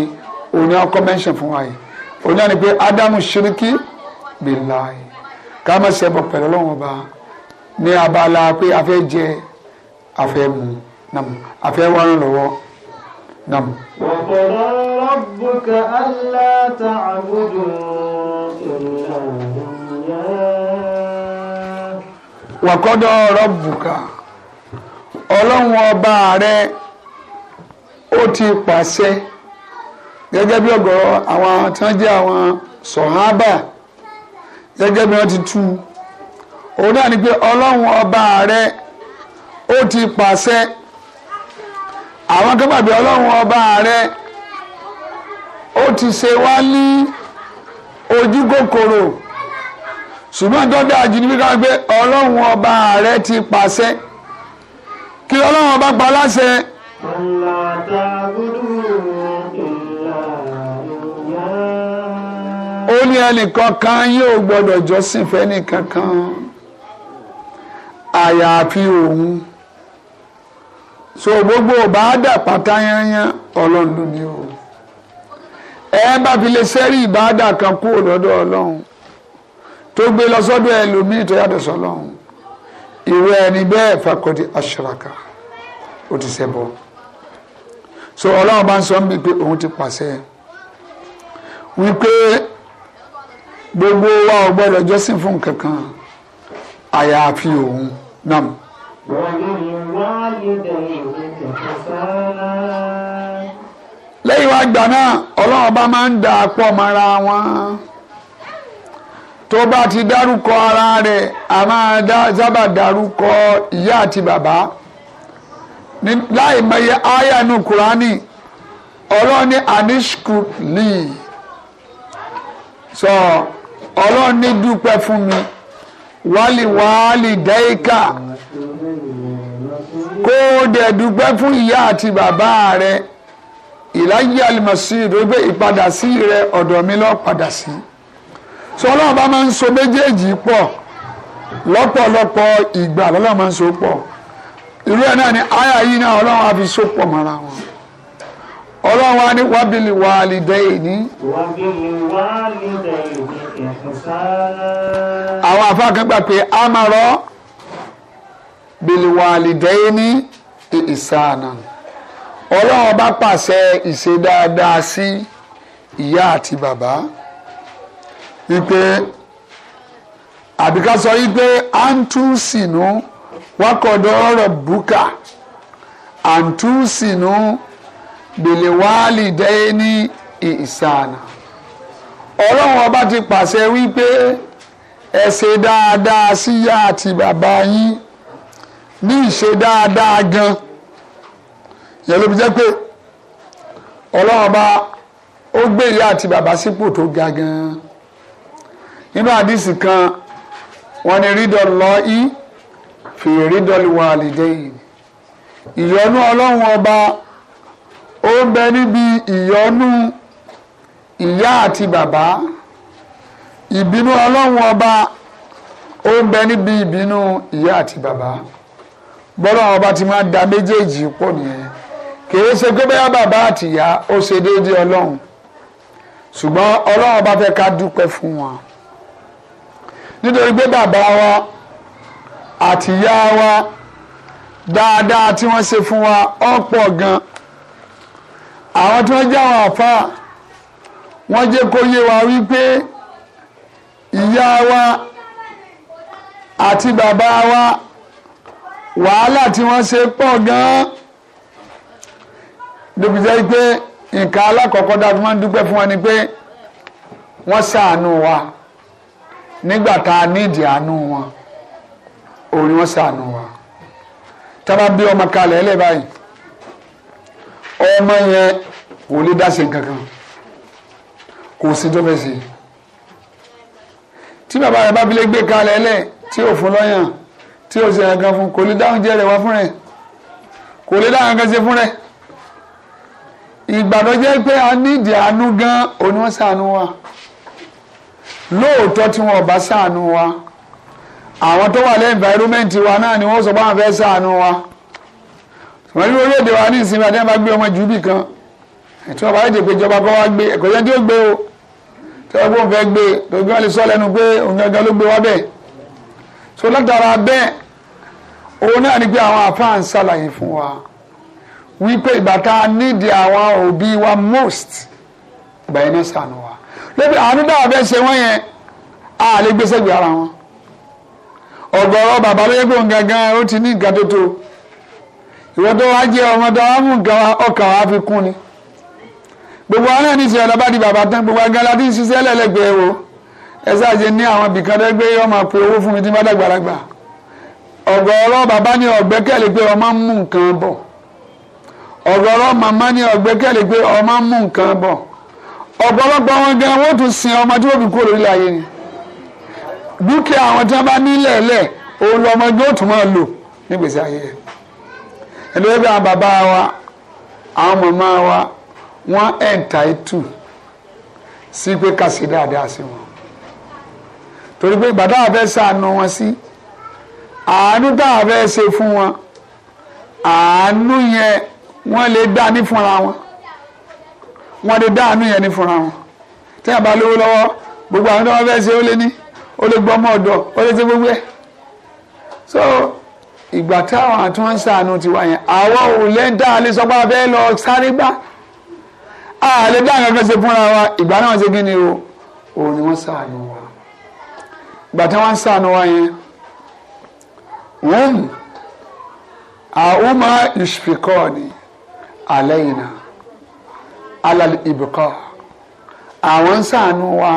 òun ni ọkọ mẹ́ńṣẹ̀ fún wa yìí òun náà ni pé ádámù ṣíríkì billahi ká má ṣẹbọ pẹ̀lú ọlọ́run ọba ní abala pé a jẹ a mu nam a fẹ́ wárán nam. wa qada rabbuka alla ta'budu illa iyyah. ọlọ́run ọba rẹ ó ti pàṣẹ gẹ́gẹ́ bí ọ̀gọ̀rọ̀ àwọn tí wọ́n jẹ́ àwọn sọ̀hábà gẹ́gẹ́ bí wọ́n ti tú òun náà ni pé ọlọ́run ọba rẹ ó ti pàṣẹ àwọn tó gbàgbé ọlọ́run ọba rẹ ó ti ṣe wá ní ojú kòkòrò ṣùgbọ́n tó dáa jù ní bí káwọn gbé ọlọ́run ọba rẹ ti pàṣẹ kí ọlọ́run ọba pa láṣẹ. ó ní ẹnìkan kan yóò gbọ́dọ̀ jọ́sìn fẹ́ni kankan àyàfi òun so gbogbo ìbáàdà pátá yányán ọlọ́run ni o ẹ bá fi lè sẹ́rí ìbáàdà kan kúrò lọ́dọ̀ ọlọ́run tó gbé lọ sọ́dọ̀ ẹlòmíì tó yàtọ̀ sọ́lọ́run ìwé ẹni bẹ́ẹ̀ fakọ́dí aṣọ́ràkà ó ti ṣẹbọ so ọlọ́run bá ń sọ ń bí pé òun ti pàṣẹ wípé gbogbo wa ò gbọ́dọ̀ jọ́sìn fún kankan àyàfi òun náà. lẹ́yìn wá gbà náà ọlọ́run bá máa ń da pọ̀ mọ́ra wọn tó bá ti dárúkọ ara rẹ̀ a máa dá sábà dárúkọ ìyá àti bàbá láì mọye aya inú kúránì ọlọ́run ní anishkuli sọ. So, ọlọ́run ní dúpẹ́ fún mi wálì wálì dẹ́ẹ́kà kó o dẹ̀ dúpẹ́ fún ìyá àti bàbá rẹ ìlàjì àlùmọ̀sí ìdógbé ìpadà sí rẹ ọ̀dọ̀ mi lọ padà sí so ọlọ́run bá máa ń so méjèèjì pọ̀ lọ́pọ̀lọpọ̀ ìgbà lọ́lọ́run máa ń so pọ̀ irú ẹ̀ náà ni àyà yìí náà ọlọ́run á fi so pọ̀ mọ́ra wọn ọlọ́run wa ní wábìlì àwọn gbà pé bìlì ọlọ́run bá pàṣẹ ìṣe dáadáa sí ìyá àti bàbá wípé àbíká sọ wípé àǹtúsìnú wákọ̀dọ̀ ọ̀rọ̀ bùkà bèlè wáálì dẹ́yẹ ní ìsànà ọlọ́run ọba ti pàṣẹ wípé ẹ ṣe dáadáa sí ìyá àti bàbá yín ní ìṣe dáadáa gan yẹn ló fi jẹ́ pé ọlọ́run ọba ó gbé ìyá àti bàbá sípò tó ga gan nínú àdìsí kan wọ́n ní rídọ̀ í fèrè rídọ̀ wàlìdẹ́yìn ìyọ́nú ọlọ́run ọba ó ń bẹ níbi ìyọ́nú ìyá àti bàbá ìbínú ọlọ́run ọba ó ń bẹ níbi ìbínú ìyá àti bàbá bọ́lá ọba ti máa da méjèèjì pọ̀ nìyẹn kìí ṣe pé bẹ́ẹ̀ bàbá àtìyá ó ṣe déédéé ọlọ́run ṣùgbọ́n ọlọ́run ọba fẹ́ ká dúpẹ́ fún wọn nítorí pé bàbá wa àtìyá wa dáadáa tí wọ́n ṣe fún wa ọ̀pọ̀ gan-an àwọn tí wọ́n jáwọn àfa wọ́n jẹ́ kó yé wa wípé ìyá wa àti bàbá wa wàhálà tí wọ́n ṣe pọ̀ gan-an débi jẹ́ pé nǹkan alákọ̀ọ́kọ́ dáa fún wọn dúpẹ́ fún wọn ni pé wọ́n ṣàánú wa nígbà tá a nídìí àánú wọn òun ni wọ́n ṣàánú wa tá a bá bí ọmọ kalẹ̀ ẹ̀ lẹ́ báyìí ọmọ yẹn kò lè dá ṣe kankan kò sí tó fẹ́ ṣe tí bàbá rẹ̀ bá fi lè gbé kalẹ̀ lẹ̀ tí ò fún lọ́yàn tí ò ṣe kankan fún kò lè dá oúnjẹ rẹ̀ wá fún rẹ̀ kò lè dá kankan ṣe fún rẹ̀ ìgbà jẹ́ pé a nídìí àánú gan òní wọ́n ṣàánú wa lóòótọ́ tí wọn bá ṣàánú wa àwọn tó wà lẹ́yìn wa náà ni wọ́n sọ pé àwọn fẹ́ ṣàánú wa àwọn ìlú orílẹ̀-èdè wa ní ìsinmi àti àbá gbé ọmọ jù bì kan tí wọ́n bá yẹ̀dẹ̀ pé ìjọba kan wá gbé ẹ̀kọ́ yẹn tí ó gbé o tí wọ́n gbóhùn fẹ́ gbé lójú wọn lè sọ lẹ́nu pé òun gangan ló gbé wá bẹ́ẹ̀ so látara bẹ́ẹ̀ òun náà ni pé àwọn àfáà ń ṣàlàyé fún wa wípé ìgbà tá a nídìí àwọn òbí wa most ìgbà yẹn náà sànù wa lóbi àánú dáwà fẹ́ ṣe wọ́n yẹn a lè gbé sẹ́gbẹ̀ẹ́ ara wọn ọ̀gọ̀rọ̀ bàbá ló pé òun gangan ó ti ní nǹkan tó tó ìwọ́n tó wá jẹ́ ọmọ tó wá mú ọkàn wá fi kún ni gbogbo àwọn náà ní ìṣẹ̀lẹ̀ lọ́ba di bàbá tán gbogbo agan láti ń ṣiṣẹ́ lẹ́lẹ́gbẹ̀ẹ́ o ẹ ṣáàjẹ ní àwọn ibìkan tó gbé yọ máa pe owó fún mi tí wọ́n dàgbàlagbà ọ̀gọ̀ọ̀rọ̀ bàbá ní ọ̀gbẹ́kẹ̀lé pé ọmọ ń mú nǹkan bọ̀ ọ̀gọ̀ọ̀rọ̀ màmá ní ọ̀gbẹ́kẹ̀lé pé ọmọ ń mú nǹkan bọ̀ ọ̀pọ̀lọpọ̀ wọn gan wọ́n tún sin ọmọ tí wọ́n fi kúrò nílẹ̀ ayé ni dúkìá àwọn tí wọ́n bá nílẹ̀ lẹ̀ òun lọmọ ẹgbẹ́ òtún máa lò nígbèsè ayé rẹ̀ ẹni wọ́n bí àwọn bàbá wa àwọn màmá wa wọ́n ẹ̀ǹtàìtù sí pé ká dáadáa sí wọn torí pé bàbá àfẹ́ sànù wọn sí àánú tá a fẹ́ ṣe fún wọn àánú yẹn wọ́n lè dá ní fúnra wọn wọ́n lè dá àánú yẹn ní fúnra wọn tí a bá lówó lọ́wọ́ gbogbo àwọn tó wọ́n fẹ́ ṣe ó lé ní ó lè gbọ́ ọmọ ọ̀dọ̀ ó lè ṣe gbogbo ẹ̀ so ìgbà táwọn àti wọn ń sàánú ti wá yẹn àwọn ò lè dá a lè sọ pé abẹ́ lọ sáré gbá a lè dá nǹkan kan ṣe fúnra wa ìgbà náà ṣe kí ni o òun ni wọ́n sàánú wa ìgbà táwọn sàánú wa wọ́n àwọn máa ni alẹ́ yìí náà alali ibùkọ́ àwọn sàánú wa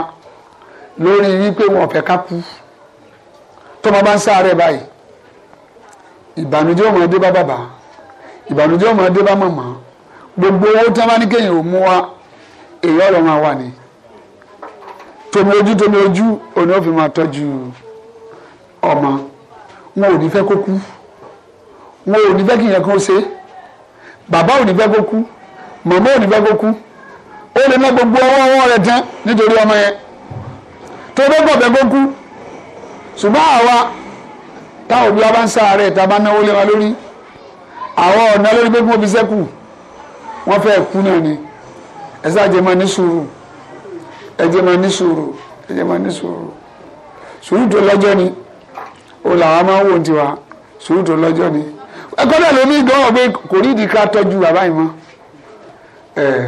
lórí wípé wọn fẹ́ ká kú tó máa bá ń sáré báyìí ìbànújẹ́ ò máa dé bá bàbá ìbànújẹ́ ò máa dé bá màmá gbogbo owó tí wọ́n bá ní kéèyàn ò mú wa èyí ọ̀rọ̀ máa wà ní tomi ojú tomi ojú òní ó fi máa tọ́jú ọmọ wọn ò ní fẹ́ kó kú wọn ò ní fẹ́ kí ìyẹn kó ṣe bàbá ò ní fẹ́ kó kú màmá ò ní fẹ́ kó kú ó lè ná gbogbo ọwọ́ ọwọ́ rẹ̀ tán nítorí ọmọ yẹn tó bẹ́ẹ̀ kọ̀ bẹ́ẹ̀ kó kú ṣùgbọ́n àwa táwọn òbí wa bá ń sàárẹ̀ tá a bá náwó lé wa lórí àwọn ọ̀nà lórí pé kí wọ́n fi sẹ́kù wọ́n fẹ́ kú náà ni ẹ sáàjẹ́ máa ní sùúrù ẹ jẹ́ máa ní sùúrù ẹ jẹ́ máa ní sùúrù sùúrù tó lọ́jọ́ ni ó làwọn máa ń wò tiwa sùúrù tó lọ́jọ́ ni ẹ̀kọ́ náà lómi gbọ́wọ́ pé kò ní ìdí ká tọ́jú bàbá yìí mọ́ ẹ̀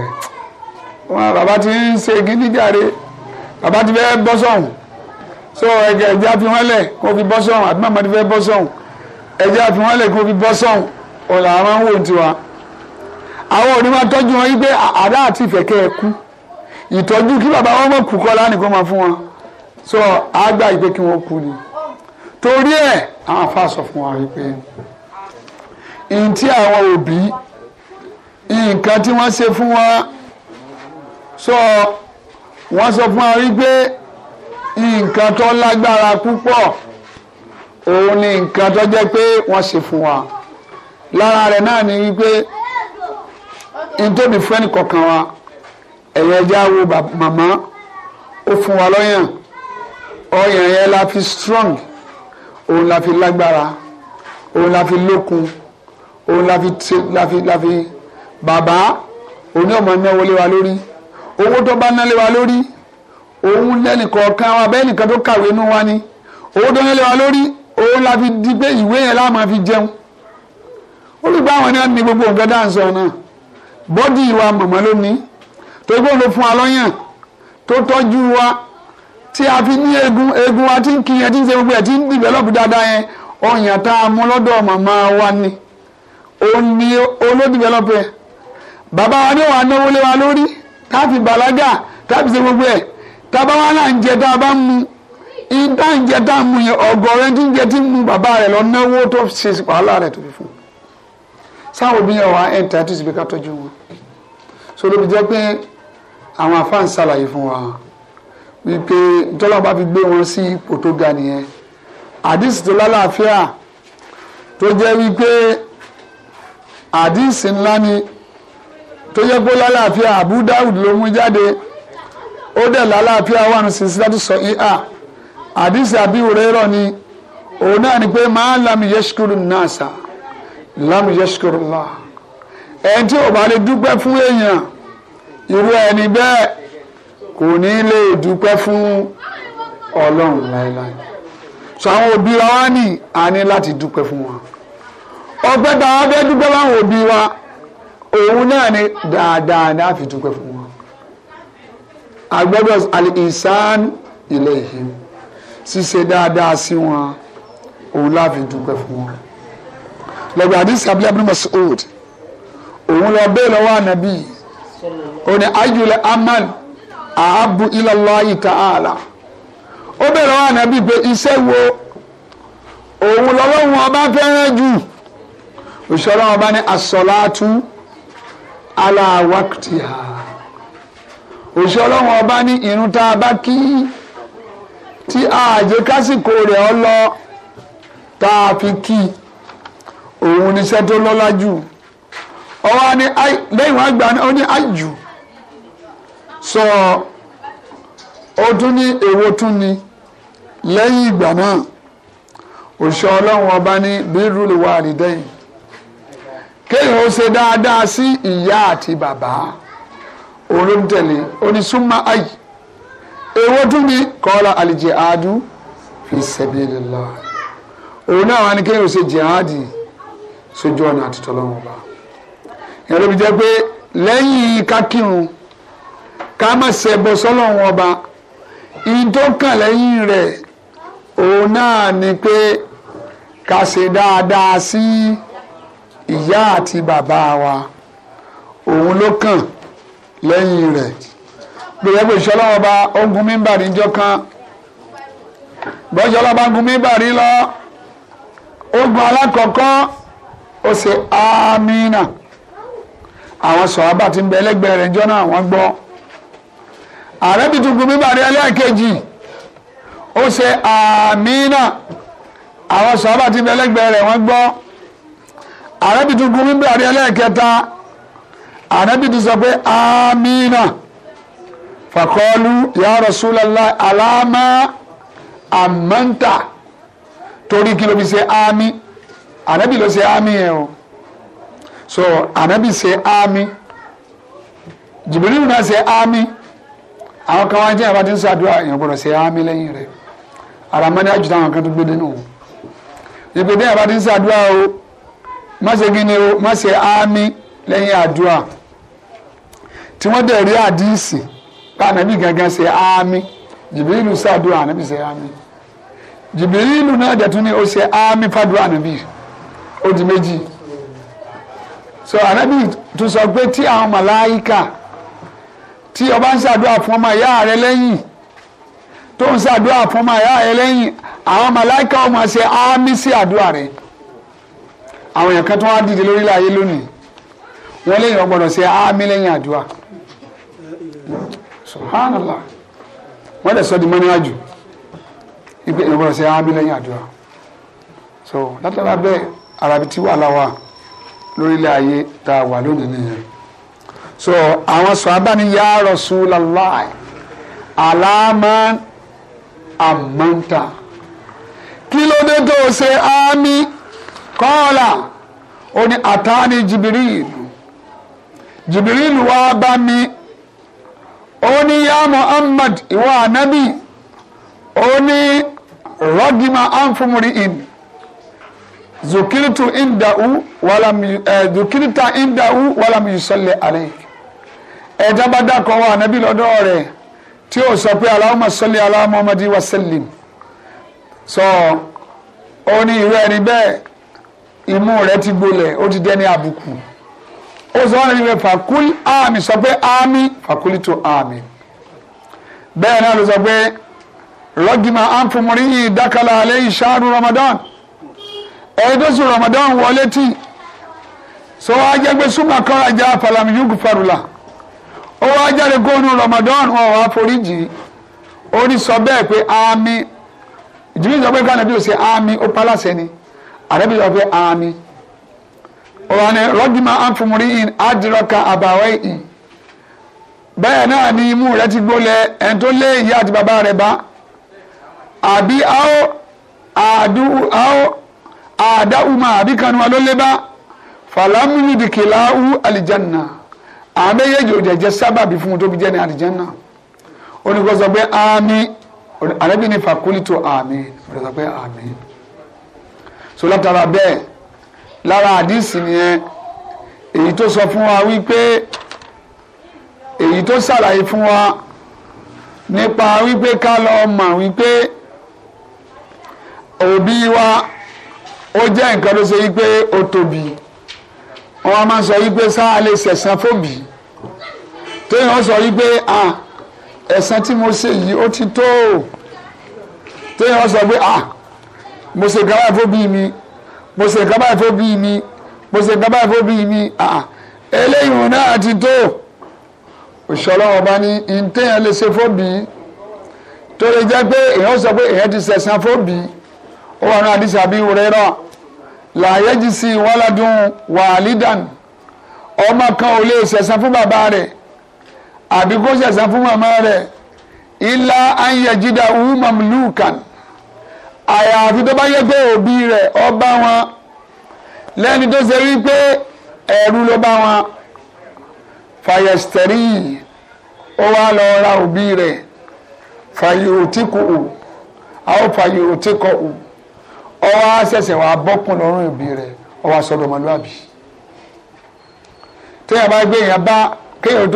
wọ́n bàbá ti ń ṣe gidi jáde bàbá ti fẹ́ bọ́ sọ̀hún so ẹ̀jẹ̀ ẹ̀jẹ̀ àfi wọ́n lẹ̀ kó fi bọ́ sọ̀hún àti mọ̀mọ́dé fẹ́ bọ́ sọ̀hún ẹ̀jẹ̀ àfi wọ́n lẹ̀ kó fi bọ́ sọ̀hún ọ̀là àwọn ń wò tiwa. àwọn òní máa tọ́jú wọn wípé àdá àti ìfẹ̀kẹ́ ẹ kú ìtọ́jú kí bàbá wọn mọ̀ kú kọ́ lánìí kó máa fún wọn so àgbà ìpè kí wọ́n kú ni. torí ẹ̀ àwọn afá sọ fún wa wípé ntí àwọn òbí nǹkan tí wọ́n ṣe fún wa sọ wọ́n sọ fún wa wípé nǹkan tó lágbára púpọ̀ òun ni nǹkan tó jẹ́ pé wọ́n ṣe fún wa lára rẹ̀ náà ni wípé nítòmí fún ẹnìkọ̀ọ̀kan wa ẹ̀yẹ ẹja wo màmá ó fún wa lọ́yàn ọyàn yẹn la fi strong òun la fi lágbára òun la fi lókun òun la fi la fi la fi bàbá òun yóò máa náwó lé wa lórí owó tó bá ná lé wa lórí òun lẹ́nìkọ̀ọ̀kan wa bẹ́ẹ̀ nìkan tó kàwé inú wa ni owó tó ń lórí òun la fi di pé ìwé yẹn fi jẹun olùgbà àwọn náà ní gbogbo nǹkan dáǹsọ náà bọ́dì wa mọ̀mọ́ ló ní tó ló fún wa lọ́yàn tó tọ́jú wa tí a fi ní eegun eegun wa ti ń kí yẹn tí ń gbogbo ẹ̀ tí ń dìbẹ́lọ́pù dáadáa yẹn tá a mú lọ́dọ̀ wa ni òun ni olódìbẹ́lọ́pù bàbá wa ní wàá náwó lé wa lórí tábà wà náà ń jẹ tá a bá ń mu ìdá ń jẹ tá a mu yẹn ọgọrẹ tí ń jẹ tí ń mu bàbá rẹ lọ náwó tó ṣe wàhálà rẹ tó fi fún un sáwọn òbí yẹn wà á ẹ̀ǹtà tó sì fi wọn so ló fi jẹ́ pé àwọn afá ń ṣàlàyé fún wa wípé tọ́lá bá fi gbé wọn sí ipò tó ga nìyẹn àdìsí tó lálàáfíà tó jẹ́ wípé àdìsí ńlá ni tó yẹ kó lálàáfíà Abu ló mú jáde ó dẹ̀ lálàáfíà wà ní sísílátù sọ ìhà ah, àdìsí àbí òrérọ̀ ni òun náà ni pé máa ń lámì yẹ́ṣukúrú nàṣà lámì yẹ́ṣukúrú là ẹni tí ò bá lè dúpẹ́ fún èèyàn irú ẹni bẹ́ẹ̀ kò ní lè dúpẹ́ fún ọlọ́run láéláé so àwọn òbí wa wá ní àní láti dúpẹ́ fún wa ọpẹ́ tá a dúpẹ́ fáwọn òbí wa òun náà ni dáadáa ni a dúpẹ́ fún wa. agbọ́dọ̀ al-ihsan ilayhim ṣíṣe dáadáa sí wọn òun láàfin dúpẹ́ fún wọn. lọ́gbà àdìsí abúlé abúlé òun lọ bẹ́ẹ̀ lọ́wọ́ ànábì ni ayyul amal ahabbu ila ó bẹ̀rẹ̀ lọ́wọ́ ànábì pé iṣẹ́ wo òun lọ́lọ́run ọba fẹ́ràn jù òṣèlú ọba ní as-salatu ala òṣìṣẹ́ ọlọ́run ọba ní irun tá a bá kí tí ààjẹ kásìkò rẹ̀ ọ lọ tá a fi kí òun níṣẹ́ tó lọ́lá jù ọwọ́ ni lẹ́yìn wọn gbà ó ní àjù sọ ó tún ní èwo tún ni lẹ́yìn ìgbà náà òṣìṣẹ́ ọlọ́run ọba ní bírú lè wà nídẹ́yìn kéèyàn ó ṣe dáadáa sí ìyá àti bàbá òun ló ń tẹ̀lé oní súnmọ́ ayé èwo tún ni kọ́lá al-jihadu fi sabilillah òun náà wà ní kéèyàn ṣe jihadi sójú ọ̀nà àtúntò lọ́wọ́ bá ìyẹn ló fi jẹ́ pé lẹ́yìn kákírun ká má ṣe ẹbọ sọ́lọ́run ọba ìdókàn lẹ́yìn rẹ̀ òun náà ni pé ká ṣe dáadáa sí ìyá àti bàbá wa òun ló kàn lẹ́yìn rẹ̀ gbèrè pé ìṣọlọ́wọ́ bá ogun mímbà níjọ́ kan bọ́ṣọlọ́ bá gun mímbà rí lọ ogun alákọ̀ọ́kọ́ ó ṣe amínà àwọn sọ̀rọ̀ bá ti ń bẹ ẹlẹ́gbẹ̀ẹ́ rẹ̀ níjọ́ náà wọ́n gbọ́ ààrẹ tuntun gun mímbà rí ẹlẹ́ẹ̀kejì ó ṣe àmínà àwọn sọ̀rọ̀ ti ń bẹ ẹlẹ́gbẹ̀ẹ́ rẹ̀ wọ́n gbọ́ ààrẹ tuntun gun mímbà ẹlẹ́ẹ̀kẹta ànábì ti sọ pé amina fàkọọlù ya Rasulullah aláàmà àmọ́ǹtà torí kí ló fi ṣe àmì ànábì ló ṣe àmì yẹn o so ànábì ṣe àmì jìbìrì náà ṣe àmì àwọn kan wá jẹ́ àbá tí ń ṣàdúrà èèyàn gbọ́dọ̀ ṣe àmì lẹ́yìn rẹ̀ ara mọ́ni àjùtà àwọn kan tó gbé dénú o ìpèdè àbá o má ṣe gíní o má ṣe àmì lẹ́yìn àdúrà tí wọ́n dẹ̀ rí àdíìsì kànábì gangan ṣe ámì jìbìrìlù ṣàdúrà ànábì ṣe ámì jìbìrìlù náà dẹ̀ tún ní ó ṣe ámì fàdúrà ànábì ó di méjì so ànábì tún sọ pé tí àwọn màláìkà tí ó bá ń ṣàdúrà fún ọmọ ìyá rẹ lẹ́yìn tó ń ṣàdúrà fún ọmọ ìyá rẹ lẹ́yìn àwọn màláìkà ó máa ṣe ámì sí àdúrà rẹ àwọn èèyàn kan tó wá dìde lórílẹ̀ ayé lónìí wọ́n léèyàn gbọ́dọ̀ ṣe ámì lẹ́yìn àdúrà subhanallah wọ́n lè sọ di mọ́ni àjò ipe ìrọ̀bọ̀rọ̀ sí ahábí lẹ́yìn àdúrà so látara bẹ́ẹ̀ arabi tí wà láwa lórílẹ̀ ayé tá a wà lónìí nìyẹn so àwọn sọ abániyá Rasulullah àlámà àmọ́ńtà kí ló dé tó o ṣe ámì kọ́ọ̀là ó ní àtàní jìbìrìlù jìbìrìlù wá bá mi ó ní ya muhammad ìwọ ànábì ó ní rọ́gìmà ánfúnmùrì ìn zukiritu indahu wàlámù ẹ eh, zukirita indahu wàlámù yusalli alayhi ẹ̀dá bá dákọ̀ wọ ànábì lọ́dọ̀ rẹ̀ tí ó sọ pé Allahumma salli ala Muhammad wa sallim sọ ó ìwé ẹni bẹ́ẹ̀ imú rẹ̀ ti gbolẹ̀ ó ti dẹ́ni àbùkù ó sọ wọn níbi fàkúlì àmì sọ pé àmì fàkúlì tó àmì bẹ́ẹ̀ náà ló sọ pé rọ́gìmọ̀ àǹfọ̀mọ́rí ìdákàlà alẹ́ ìṣáàrú Ramadan ẹ̀ẹ́dọ́sùn Ramadan wọlé tì so wọ́n á jẹ́ pé súnmọ́ kọ́ra jẹ́ àfàlàmì yúgù farula ó wá jáde góònù Ramadan wọn wá foríjì ó ní sọ bẹ́ẹ̀ pé àmì ìdílé sọ pé káàdì bí ó ṣe àmì ó paláṣẹ ni àdébí sọ pé àmì ọ̀rọ̀ ni rọ́gìmọ̀ ànfọ̀mùrí in àdìrọ́kà àbàwẹ́ in bẹ́ẹ̀ náà ni imú rẹ ti gbólẹ̀ ẹni tó lé ìyá àti bàbá rẹ̀ bá àbí àó àdáhùmá àbí kanuwa ló lé bá fàlámùnì dìkìláhù àlìjánà àmẹ́yẹ̀jì ò jẹ́jẹ́ sábàbí fún un tó fi jẹ́ ní àlìjánà onígbọ́ sọ pé àmì àrẹ́bí ni fàkúlì tó àmì rẹ̀ àmì so látara bẹ́ẹ̀ lára àdìsí nìyẹn èyí tó sọ fún wa wípé èyí tó ṣàlàyé fún wa nípa wípé ká lọ mọ̀ wípé òbí wa ó jẹ́ nǹkan ló ṣe wípé ó tóbi wọ́n máa ń sọ wípé sáà lè ṣẹ̀san fòbí téèyàn sọ wípé ah ẹ̀san tí mo ṣe yìí ó ti tó téèyàn sọ pé ah mo ṣe gáwá fòbí mi mo ṣe nǹkan báyìí fún bíi mi mo ṣe nǹkan báyìí fún bíi mi ah, ah. eléyìí náà ti tó òṣìṣọ́lọ́wọ́ bá ní ìtẹ́yàn lè ṣe fún bíi tó lè jẹ́ pé èèyàn sọ pé èèyàn ti ṣẹ̀san fún bíi ó wà ní àdìsí àbí ìwúrẹ́ náà làyé jì sí wàládùn wàlídàn ọmọ kan ò lè ṣẹ̀san fún bàbá rẹ̀ àbí kó ṣẹ̀san fún màmá rẹ̀ ilá ayẹ̀jídà wù mamlukan àyàfi tó bá yẹ pé òbí rẹ̀ ọba wọn lẹ́ni tó ṣe rí pé ẹ̀rú ló bá wọn fàyẹ̀sítẹ̀rì ó wá lọ ra òbí rẹ̀ fàyè òtíkù ò àwọn fàyè òtíkọ ò ọwọ́ àṣẹ̀ṣẹ̀ wàá bọ́kùn lọ́rùn òbí téèyàn bá gbé bá kéèyàn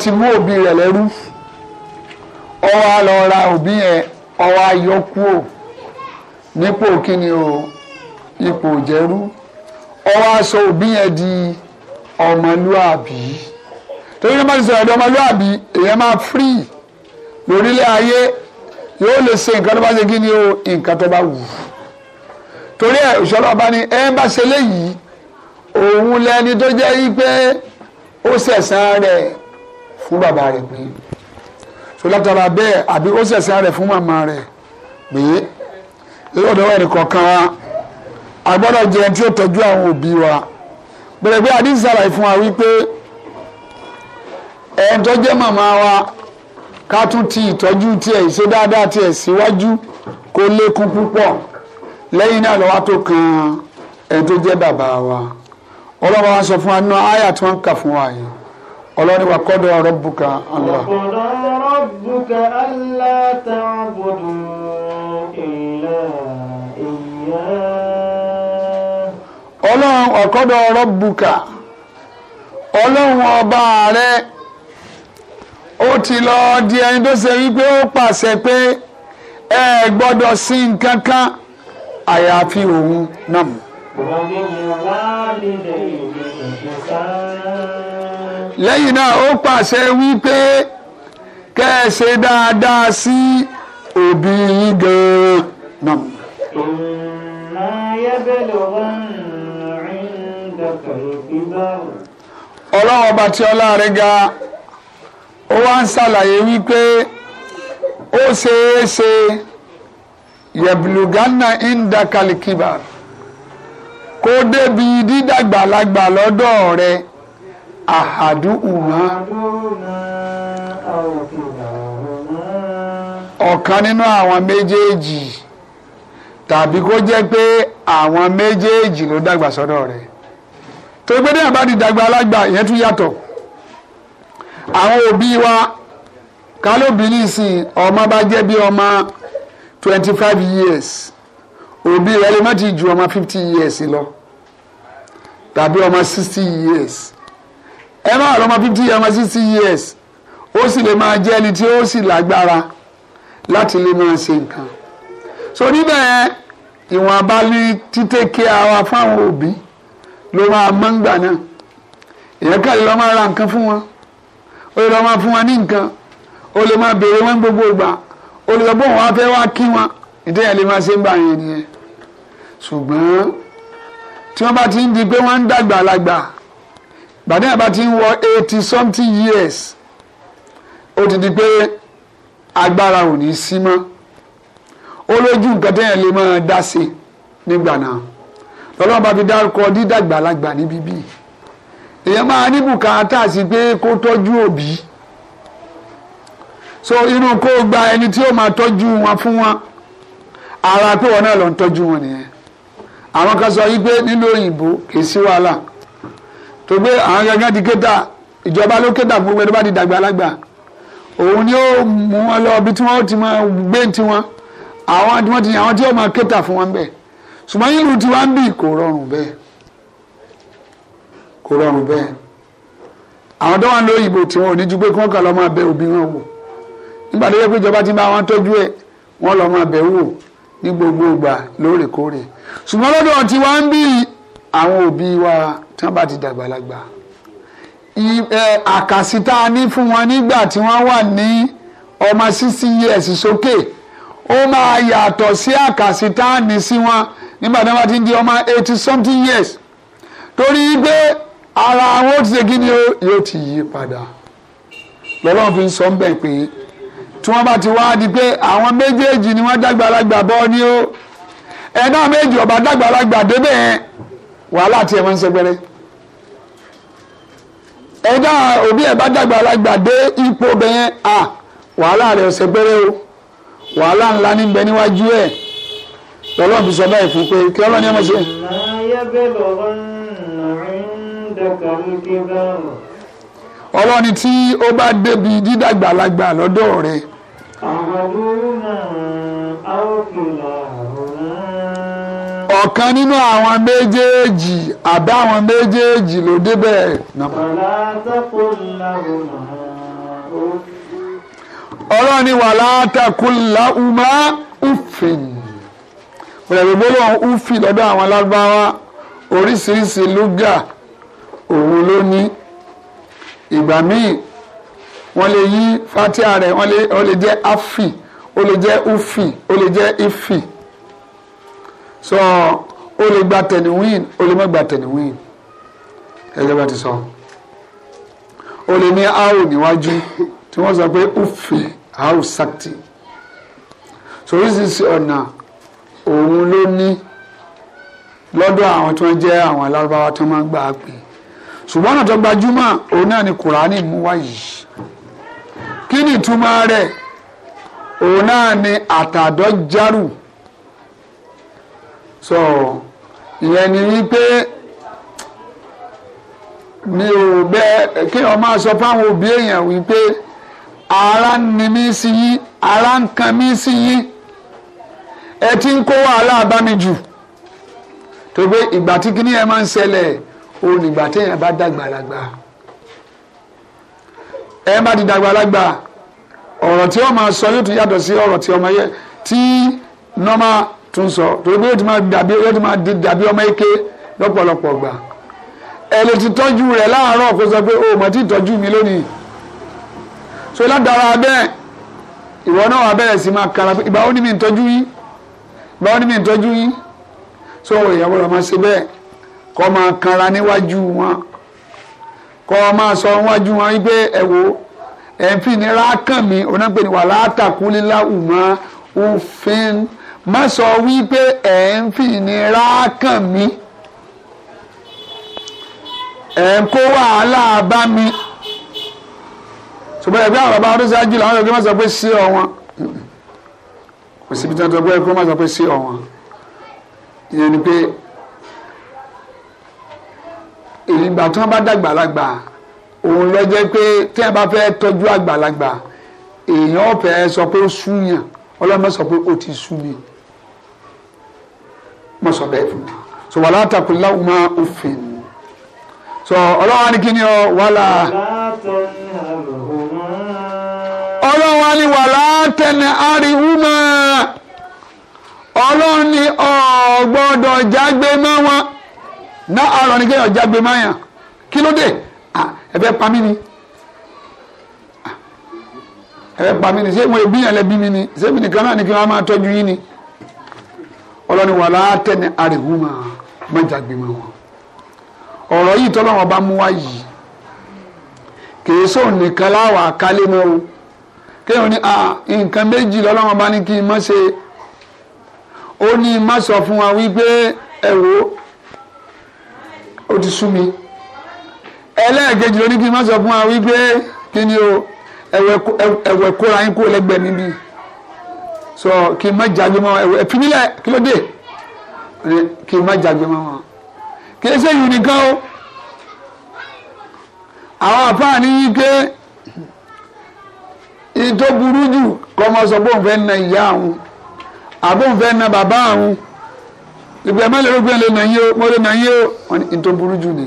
ti mú òbí rẹ lẹ́rú ó wá lọ ra òbí yẹn ó wá yọ kúò nípò kíni o ipò jẹ́rú ó wá sọ òbí yẹn di ọmọlúàbí torí ní báyìí sọ̀rọ̀ ọmọlúàbí èèyàn máa free lórílẹ̀ ayé yóò lè ṣe nǹkan tó bá ṣe kí o nǹkan tó bá wù torí ẹ̀ òṣèlú ọba ni ẹ bá ṣe léyìí òun lẹni tó jẹ́ yí pé ó ṣẹ̀san rẹ̀ fún bàbá rẹ̀ pé so látara bẹ́ẹ̀ àbí ó ṣẹ̀ṣẹ̀ rẹ̀ fún màmá rẹ̀ pé lọ́dọ̀ ẹnì kọ̀ọ̀kan wa a gbọ́dọ̀ jẹ ẹni tí ó tọ́jú àwọn òbí wa bẹ̀rẹ̀ pé àdìsí sàlàyé fún wa wípé ẹni tó jẹ́ màmá wa ká tún ti ìtọ́jú tiẹ̀ ìṣe dáadáa tiẹ̀ síwájú kó lékún púpọ̀ lẹ́yìn náà lọ́wọ́ tó kan ẹni tó jẹ́ bàbá wa ọlọ́wọ́ wa sọ fún wa nínú àyà tí wọ́n ń kà fún wa yìí ọlọ́ni wa kọ́dọ̀ rabbuka Allah. kọ́dọ̀ rabbuka alla ta'budu illa iyya. ọlọ́run ọ̀kọ́dọ̀ rabbuka ọlọ́run ọba rẹ ó ti lọ di ẹni tó ṣe wípé ó pàṣẹ pé ẹ gbọ́dọ̀ sí nǹkan kan àyàfi òun náà. wọ́n ní ìwádìí lẹ́yìn lẹ́yìn náà ó pàṣẹ wípé kẹ́ ẹ ṣe dáadáa sí òbí yín gan-an náà. Ìmọ̀ ayébẹ̀lẹ̀ ọlá rẹ̀ ga ó wá ń ṣàlàyé wípé ó ṣeé ṣe yẹ̀bùlùgánà ìndàkàlìkìbà kó débi dídàgbàlagbà lọ́dọ̀ rẹ̀. Ahadu uma, ọ̀kan nínú àwọn méjèèjì tàbí kó jẹ́ pé àwọn méjèèjì ló dàgbà sọ́dọ̀ rẹ̀ torí pé déyàn bá di dàgbà alágbà ìyẹn tún yàtọ̀ àwọn òbí wa kálóbì nísìn ọmọ bá jẹ́ bí ọmọ twenty five years òbí rẹ̀ lè má ti ju ọmọ fifty years lọ tàbí ọmọ sixty years ẹ máa rọ ọmọ fifty ẹ máa sixty years ó sì lè máa jẹ́ ẹni tí ó sì lágbára láti lè máa ṣe nǹkan so níbẹ̀ ìwọ̀n abálí títẹ̀ kí ara fáwọn òbí ló máa mọ́ ńgbà náà èèyàn kàlẹ́ lọ́ máa ra nǹkan fún wọn ó lè lọ́ máa fún wọn ní nǹkan ó lè máa béèrè wọn gbogbo ìgbà ó lè lọ bó wọn á fẹ́ wá kí wọn ìdẹ́yẹ lè máa ṣe ń bà yẹn nìyẹn ṣùgbọ́n tí wọ́n bá ti ń di pé wọ́n ń dàgbà lágbàá gbàdé àbá ti ń wọ eighty something years ó ti di pé agbára ò ní sí mọ́ ó lójú nǹkan téèyàn lè máa dá sí nígbà náà lọ́lọ́run bá fi dárúkọ dídàgbàlagbà níbí bíi èèyàn máa ní bùkátà sí pé kó tọ́jú òbí so inú kó gba ẹni tí ó máa tọ́jú wọn fún wọn ara pé wọn náà lọ ń tọ́jú wọn nìyẹn àwọn kan sọ yí pé nílò òyìnbó kì í sí wàhálà tó gbé àwọn gángan ti kéta ìjọba ló kéta fún gbogbo ẹni bá ti dàgbà alágbà òun ni ó mú wọn lọ ibi tí wọn ti máa gbé tiwọn àwọn tí wọn ti àwọn tí ó máa kéta fún wọn bẹ́ẹ̀ ṣùgbọ́n yìí ti wá ń bì kò rọrùn bẹ́ẹ̀ kò rọrùn bẹ́ẹ̀ àwọn tó wà ní òyìnbó tí wọn ò ní ju pé kí wọn kà lọ máa bẹ òbí wọn wò nígbà tó yẹ pé ìjọba ti bá wọn tọ́jú ẹ̀ wọ́n lọ máa bẹ̀ wò ní gbogbo ìgbà lóòrèkóòrè ṣùgbọ́n lọ́dọ̀ tí wọ́n ń bí àwọn òbí wa tí wọ́n bá ti dàgbàlagbà àkàsí tá a ní fún wọn nígbà tí wọ́n wà ní ọmọ sixty years sókè ó máa yàtọ̀ sí àkàsí tá a ní sí wọn nígbà tí wọ́n bá ti di ọmọ eighty something years torí pé ara àwọn ó ti ṣe kí ni yóò ti yí padà lọ́lọ́run fi ń sọ ń bẹ̀ pé tí wọ́n bá ti wá di pé àwọn méjèèjì ni wọ́n dàgbàlagbà bọ́ ni ó ẹ̀dá méjì ọba dàgbàlagbà débẹ̀ yẹn wàhálà tiẹ̀ máa ń ṣe gbẹrẹ. ẹ̀dá òbí ẹ̀ bá dàgbà alágbà dé ipò bẹ́yẹn à wàhálà rẹ̀ ọ̀sẹ̀ gbẹrẹ o wàhálà ńlá ní bẹ níwájú ẹ̀ lọ́lọ́run fi sọ báyìí fún pé kí ọlọ́ni ọmọ ṣe. ọlọ́ni tí ó bá débi dídàgbà alágbà lọ́dọ̀ rẹ̀. àwọn ọmọ náà á ó fi ọ̀kan nínú àwọn méjèèjì àbí àwọn méjèèjì ló débẹ̀. ọlọ́run ni wàhálà àtàkùnlá umá ufin òrẹ̀lẹ̀ gbólóhùn ufi lọ́dọ̀ àwọn lágbáwá oríṣiríṣi lúgà òun ló ní ìgbà míì wọ́n lè yí fatia rẹ̀ wọ́n lè jẹ́ afi ó lè jẹ́ ufi ó lè jẹ́ ifi. So, O le gba tẹ̀níwìn ó lè má gba tẹ̀níwìn ẹ̀jẹ̀ bá ti sọ ó lè ní áò níwájú tí wọ́n sọ pé ufe áò sakti so oríṣiríṣi ọ̀nà òun ló ní lọ́dọ̀ àwọn tí wọ́n jẹ́ àwọn alárúbáwá tí wọ́n máa ń gbà á pè ṣùgbọ́n ọ̀nà tó gbajúmọ̀ òun náà ni kùránì mú wá yìí kí ni ìtumọ̀ rẹ̀ òun náà ni àtàdọ́járù so ìyẹn ni wípé mi ò bẹ́ẹ̀ kí wọ́n máa sọ fáwọn òbí èèyàn wípé ara ń ni mí sí yín ara ń kan mí sí yín ẹ ti ń kó wàhálà bá mi jù tó pé ìgbà tí kíní ẹ máa ń ṣẹlẹ̀ òun ìgbà téèyàn bá dàgbà ẹ bá ti dàgbà ọ̀rọ̀ tí wọ́n máa sọ yóò tún yàtọ̀ sí ọ̀rọ̀ tí ọmọ yẹ tí normal tó ń sọ torí pé yóò ti máa dàbí yóò ti máa dàbí ọmọ eke lọ́pọ̀lọpọ̀ gbà ẹ lè ti tọ́jú rẹ̀ láàárọ̀ kó sọ pé o mọ̀ tí ìtọ́jú mi lónìí so ládàra bẹ́ẹ̀ ìwọ náà wà bẹ̀rẹ̀ sí máa kara pé ìbáwọ́ ni mi ń tọ́jú yín ìbáwọ́ ni mi ń tọ́jú yín so ìyàwó rẹ̀ máa ṣe bẹ́ẹ̀ kọ́ máa kara níwájú wọn kọ́ máa sọ níwájú wọn wípé ẹ wo ẹ̀ ń fi ìnira kàn mí onápẹ̀ni wà látàkúnléláwùmá òfin má sọ wípé ẹ̀ ń fi ìnira kàn mí ẹ̀ ń kó wàhálà bá mi ṣùgbọ́n ẹ̀gbẹ́ àwọn bàbá ọdún ṣáájú làwọn ẹ̀gbẹ́ má sọ pé sí ọ wọn kò síbi tí wọ́n tó gbọ́ ẹ̀gbẹ́ má sọ pé sí ọ wọn ìyẹn ni pé ìgbà tí wọ́n bá dàgbà lágbà òun lọ jẹ́ pé tí wọ́n bá fẹ́ tọ́jú àgbàlagbà èèyàn ọ̀fẹ́ sọ pé ó súyàn ọlọ́mọ sọ pé ó ti sú mi wọ́n sọ bẹ́ẹ̀ fún so wàlá takùnlá ọmọ òfin so ọlọ́wọ́n ní kíni ọ wàlá. ọlọ́wọ́n ní wàlá tẹ̀lé àríwúmọ́ ọlọ́run ní ọ gbọ́dọ̀ jágbe mọ́ wọn náà ọ̀rọ̀ ní kéèyàn jágbe mọ́ yàn kí ló dé ẹ̀fẹ́ pa mí ni ẹ̀fẹ́ pa mí ni ṣé wọn èbí yàn lẹ́bí mi ni ṣé mi nìkan náà ni kí wọ́n máa tọ́jú yín ni ọlọ́ni wà látẹ̀ni àrègùnmá mọ́jàgbé mọ́ wọn. ọ̀rọ̀ yìí tọ́lọ́wọ́n bá mú wá yìí kìí sóun nìkan láwà kálé mọ́ o kéwọn ní nǹkan méjì lọ́lọ́wọ́n bá ní kí n má ṣe ó ní má sọ fún wa wípé ẹ wo ó ti sú mi ẹlẹ́ẹ̀kejì ló ní kí n má sọ fún wa wípé kí ni o ẹ̀wẹ̀ kóra yín kó lẹ́gbẹ̀ẹ́ níbí so kí n má jagbe mọ́ wọn ẹ̀fínilẹ̀ kí ló dé kí n má jagbe mọ́ wọn kí ẹsẹ̀ yìí nìkan o àwọn àfáàní yìí ké ìtò burú jù kọ́ ọmọ sọ bóun fẹ́ na ìyá àwọn àbóun fẹ́ na bàbá àwọn ìgbà ẹ̀ má lè rúgbìn lè nà yín o mo lè o wọn ìtò burú jù ni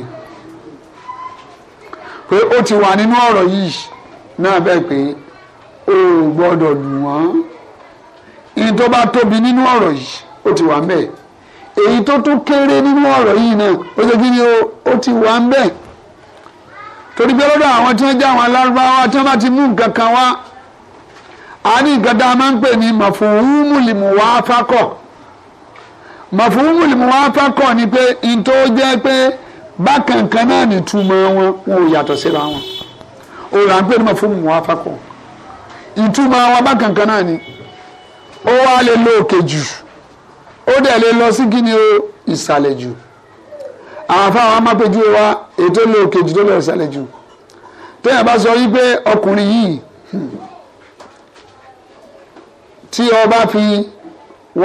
pé ó ti wà nínú ọ̀rọ̀ yìí náà bẹ́ẹ̀ pé o ò gbọ́dọ̀ lù wọ́n ìyìn tó bá tóbi nínú ọ̀rọ̀ yìí ó ti wà ń bẹ̀ èyí tó tún kéré nínú ọ̀rọ̀ yìí náà ó ṣe kí ni ó ti wà ń bẹ̀ torí pé lọ́dọ̀ àwọn tí wọ́n jẹ́ àwọn alárúbáwá tí wọ́n bá ti mú nǹkan kan wá a ní nǹkan tá a máa ń pè ní màfúhùmùlìmù wá fákọ̀ màfúhùmùlìmù wá fákọ̀ ni pé ìyìn tó jẹ́ pé bákan kan náà nìtumọ̀ wọn wọn ò yàtọ̀ síra wọn òòrùn à ń pè ní màfúhùmùlìmù wá fákọ̀ ìtumọ̀ wọn bákan kan náà ni ó wá lè lọ òkè jù ó dẹ̀ lè lọ sí kíni o ìsàlẹ̀ jù àwọn afáwọn amápẹ̀jú wa ètò lè òkè jù tó lọ ìsàlẹ̀ jù téèyàn bá sọ wípé ọkùnrin yìí hmm, tí ó fi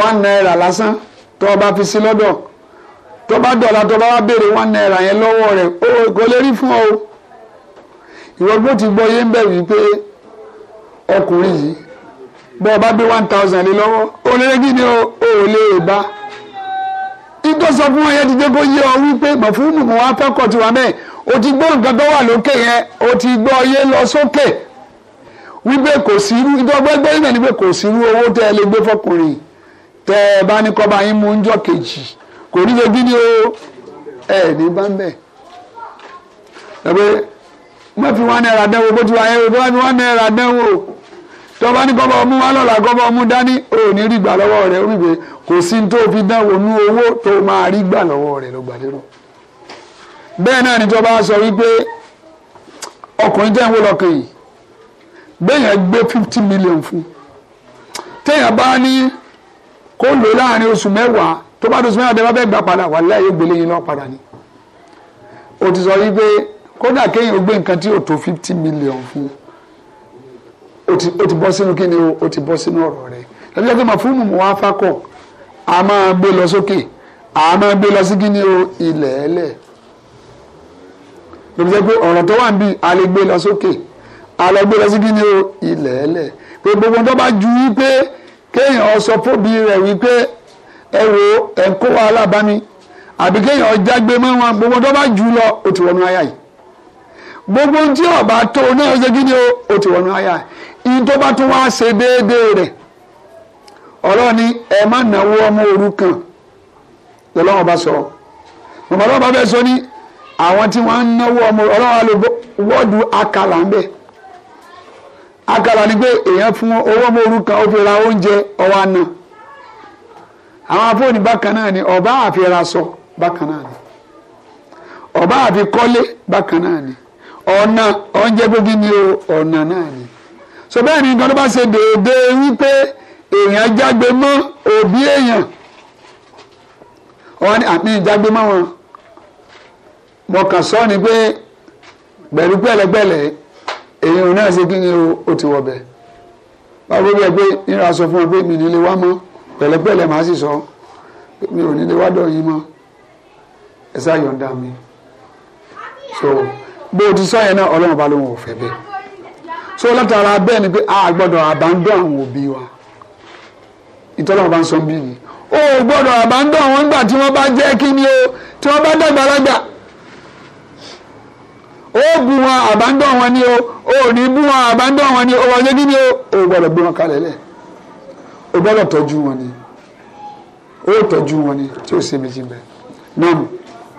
one naira lásán tó o bá fi sí lọ́dọ̀ tó bá dọ̀la tó bá wá béèrè one naira yẹn lọ́wọ́ rẹ̀ ó kò lè rí fún ọ ìwọ́gbó ti gbọ́ yé ń bẹ̀ wípé ọkùnrin yìí bọ́ ọ bá gbé one thousand lé lọ́wọ́ olórí ni o ò lè bá ìtò sọ fún ẹyẹ ti jẹ́ kó yé ọ wípé mọ̀fúnmù mọ̀ wá fẹ́ kọ̀ tiwa mẹ́ẹ̀ o ti gbọ́ nǹkan tó wà lókè yẹn o ti gbọ́ yé lọ sókè wípé kò sí irú ìdọ́gbẹ́gbẹ́ yìí náà ni pé kò sí irú owó tẹ́ ẹ lè gbé fọkùnrin tẹ́ ẹ bá ní kọ́ba yín mú ńjọ́ kejì kò ní ṣe gíní o ẹ ní bá ń bẹ̀. ẹ pé mọ́fì wọn náírà dánwò bó ti wà yẹn tọba ní gọbọ ọmú wá lọ́la gọbọ ọmú dání ò ní rí gbà lọ́wọ́ rẹ̀ o rí pé kò sí tó fi dánwò owó tó máa rí gbà rẹ̀ ló bẹ́ẹ̀ náà ni tọba sọ wípé ọkùnrin tẹ́ ń lọ́kàn gbé fifty million fún bá ní kó lò láàrin oṣù mẹ́wàá tó bá láàyè gbélé ni. ti sọ wípé kódà kéèyàn gbé nǹkan tí tó fún ó ti bọ́ sínú kíni o ó ti bọ́ sínú ọ̀rọ̀ rẹ̀ ẹbí ẹgbẹ́ máa fún mọ̀ wá fákọ̀ a máa gbé lọ sókè a máa gbé lọ sí kíni o ilẹ̀ ẹlẹ̀ lóbi jẹ́ pé ọ̀rọ̀ tó wà níbí a lè gbé lọ sókè a lè gbé lọ sí kíni o ilẹ̀ ẹlẹ̀ pé gbogbo tó bá ju wípé kéèyàn sọ fóbi rẹ̀ wípé ẹ wo ẹ̀ ń kó wàhálà bá mi àbí kéèyàn jágbe mọ́ wọn gbogbo tó bá jù lọ ó ti wọnú àyà yìí gbogbo tí ọba tó náà ṣe kí ni ó ti wọnú àyà yìí ìyìn tó bá tún wá ṣe déédéé rẹ̀ ọ̀rọ̀ ni ẹ má náwó ọmọ òrukàn lọ́wọ́ bá sọ mọ̀mọ́ lọ́wọ́ bá fẹ́ sọ ní àwọn tí wọ́n ń náwó ọmọ ọlọ́wọ́ ló wọ́ọ̀dù akàlà ń bẹ̀ akàlà ni pé èèyàn fún owó ọmọ òrukàn ó fi ra oúnjẹ ọwọ́ àná àwọn afọ́ọ̀nì bákan náà ni ọba àfi ra sọ bákan náà ni ọba àfi kọ́lé bákan náà ni ọ̀nà oúnjẹ gbogbo ni ọ̀nà náà ni so bẹ́ẹ̀ ni nǹkan tó bá ṣe déédéé wípé èèyàn jágbe mọ́ òbí èèyàn wọn ni àmì ìjágbe mọ́ wọn mo kàn sọ ni pé pẹ̀lú pẹ̀lẹ́pẹ̀lẹ́ èèyàn náà ṣe kí ni o ti wọ̀ bẹ̀ báwo bí ẹ pé nira sọ fún ọ pé mi nílé wá mọ́ pẹ̀lẹ́pẹ̀lẹ́ màá sì sọ mi ò nílé wá dọ̀ mọ́ ẹ sáà yọ̀ǹda mi so bó o ti sọ yẹn náà ọlọ́run bá lóun ò fẹ́ bẹ́ẹ̀ so látara bẹ́ẹ̀ ni pé a gbọ́dọ̀ àbándọ́ àwọn òbí wa ìtọ́lọ́wọ́ bá ń sọ bí ni o gbọ́dọ̀ àbándọ́ àwọn nígbà tí wọ́n bá jẹ́ kí ni o tí wọ́n bá dàgbà lágbà o bù wọn àbándọ́ wọn ni o o ní bù wọn àbándọ́ wọn ni o wọ́n jẹ́ kí ni o o gbọ́dọ̀ gbé wọn kalẹ̀ lẹ̀ o gbọ́dọ̀ tọ́jú wọn ni o tọ́jú wọn ni tí o ṣe méjì bẹ́ẹ̀ náà.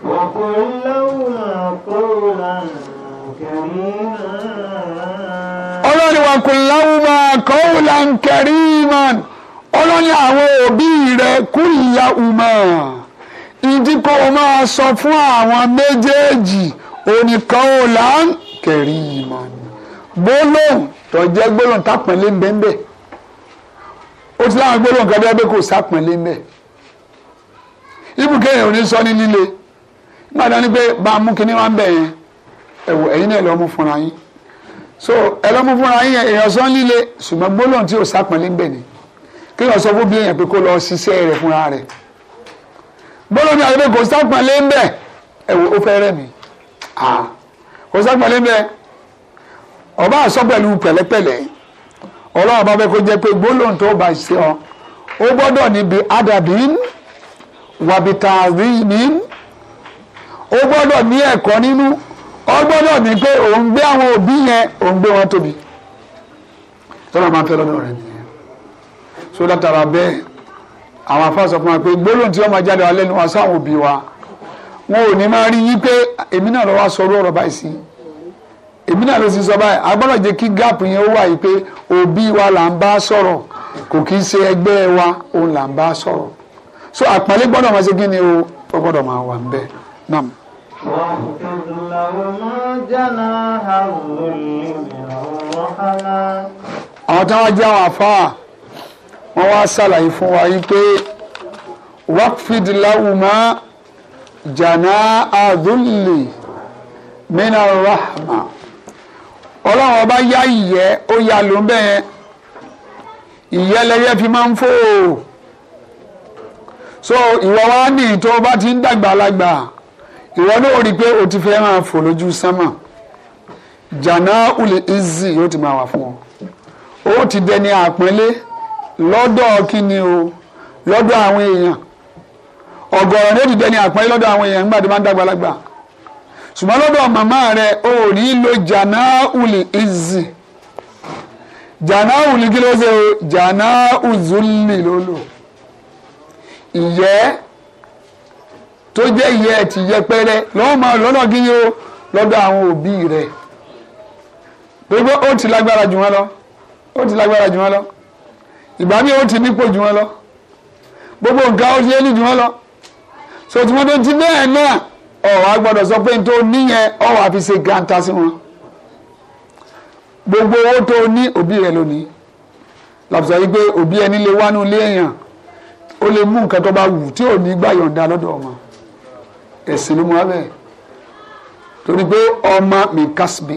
وقل لهما قولا كريما ọlọ́ni wa kò láwùmá kọ́wùlà ń kẹrí man ọlọ́ni àwọn òbí rẹ̀ kú ìyá ùmá ìdí kó o máa sọ fún àwọn méjèèjì òní kọ́wùlà ń kẹrí man gbólóhùn tó jẹ́ gbólóhùn tápọ̀nlé ńbẹ́ńbẹ́ ó ti láwọn gbólóhùn kan bẹ́ẹ̀ kò sápọ̀nlé ńbẹ́ ibùkẹ́ ò ní sọ ní líle nígbà tó ní pé bá a mú kinní wá ń bẹ̀ yẹn ẹ̀wọ̀ ẹ̀yin náà lọ́ọ́ mú fúnra yín so ẹlọ́mú fúnra yín èèyàn sọ líle ṣùgbọ́n gbólóhùn tí ò sápẹ́lẹ́ ń bẹ̀ ni kí èèyàn sọ fún bí èèyàn pé kó lọ ṣiṣẹ́ rẹ̀ fúnra rẹ̀ gbólóhùn àti pé kò sápẹ́lẹ́ ń bẹ̀ ẹ wo ó fẹ́ rẹ̀ mi kò sápẹ́lẹ́ ń bẹ̀ ọba àṣọ pẹ̀lú pẹ̀lẹ́pẹ̀lẹ́ ọlọ́run bá fẹ́ kó jẹ́ pé gbólóhùn tó bá ṣe ọ ó gbọ́dọ̀ níbi adàbín wàbìtàrín ó gbọ́dọ̀ ní ẹ̀kọ́ nínú ọ ni ní pé òun gbé àwọn òbí yẹn òun gbé wọn tóbi tọ́lá máa ń fẹ́ lọ́dọ̀ rẹ̀ nìyẹn so látara bẹ́ẹ̀ àwọn afáàsọ fún wa pé gbólóhùn tí wọ́n máa jáde wá lẹ́nu wa sáwọn òbí wa wọn ò ní máa rí yín pé èmi náà lọ wá sọ ọ̀rọ̀ báyìí sí èmi náà ló sì sọ báyìí a jẹ́ kí gáàpù yẹn ó wà yìí pé òbí wa là ń bá sọ̀rọ̀ kò kí ṣe ẹgbẹ́ wa òun là ń bá sọ̀rọ̀ so àpọ́nlé gbọ́dọ̀ máa ṣe kí ni o ó gbọ́dọ̀ máa wà ń bẹ́ẹ̀ náà. واخفض لهما جناح الذل من الرحمة àwọn tí wọ́n jẹ́ àwọn àfáà wọ́n wá ṣàlàyé fún wa yìí pé waqfid lahuma janaha dhulli mina rahma ọlọ́run ọba yá ìyẹ́ ó yá ló ń bẹ́ẹ̀ ìyẹ́ lẹ́yẹ́ fi máa ń fò so ìwọ wa ní tó bá ti ń dàgbà lágbàá ìwọ náà rí i pé o ti fẹ́ máa fò lójú sánmà jàná yóò ti máa wà fún ọ O ti dẹni àpọ́nlé lọ́dọ̀ kí o lọdọ àwọn èèyàn ọ̀gọ̀rọ̀ ni o ti dẹni àpọ́nlé lọ́dọ̀ àwọn èèyàn nígbà dàgbàlagbà rẹ o lo kí ló ṣe tó jẹ́ ìyẹ́ ẹ̀tì yẹpẹrẹ lọ́wọ́ máa lọ́nà gíyó lọ́dọ̀ àwọn òbí rẹ̀ gbogbo ó ti lágbára jù wọn lọ ó ti lágbára jù wọn lọ ìgbà míì ó ti nípò jù wọn lọ gbogbo nǹkan ó ti yé ní jù wọn lọ so tí wọ́n tó ti bẹ́ẹ̀ náà ọ̀wá gbọ́dọ̀ sọ pé tó níyẹn ọ̀wá fi ṣe gàǹtà sí wọn gbogbo owó tó ní òbí rẹ̀ lónìí làbùsọ yìí pé òbí ẹni lè wá nínú èèyàn ó lè mú nǹkan tó bá wù tí ò ní gbà yọ̀ǹda lọ́dọ̀ ọmọ ẹ̀sìn ló mú wa bẹ́ẹ̀ torí pé ọmọ mi kásìbì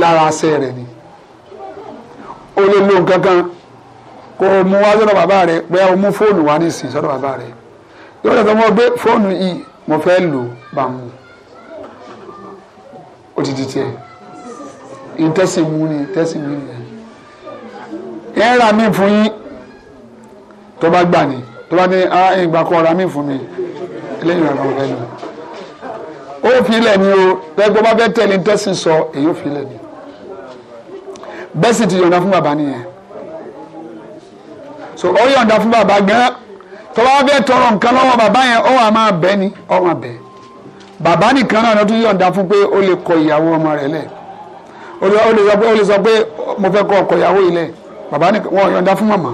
lára aṣẹ rẹ̀ ni ó lè lo nǹkan kan kó o mú wá sọ́dọ̀ bàbá rẹ̀ bóyá o mú fóònù wá ní ìsìn sọ́dọ̀ bàbá rẹ̀ yóò lè sọ fún ọ fóònù yìí mo fẹ́ lò bá mu ó ti di tiẹ̀ ìtẹ́sí ni ìtẹ́sí ni ẹ̀ ń ra mí fún yín tó bá gbà ní tó bá ní ìgbà ah, kan ra mí fún mi. eléyìí rẹ̀ lọ́wọ́ fẹ́ lò ó ni o tẹ́gbọ́n bá fẹ́ tẹ̀lé tẹ́sí sọ èyí ò filẹ̀ ni bẹ́ẹ̀ sì ti ni fún bàbá nìyẹn so ó yọ̀ǹda fún bàbá gan tó bá fẹ́ tọrọ nǹkan lọ́wọ́ bàbá yẹn ó wà máa bẹ́ ni ó máa bẹ́ bàbá nìkan náà lọ́tún yọ̀ǹda fún pé ó lè kọ ìyàwó ọmọ rẹ̀ lẹ̀ ó lè sọ pé mo fẹ́ kọ ọkọ ìyàwó yìí lẹ̀ bàbá nìkan wọ́n yọ̀ǹda fún sọ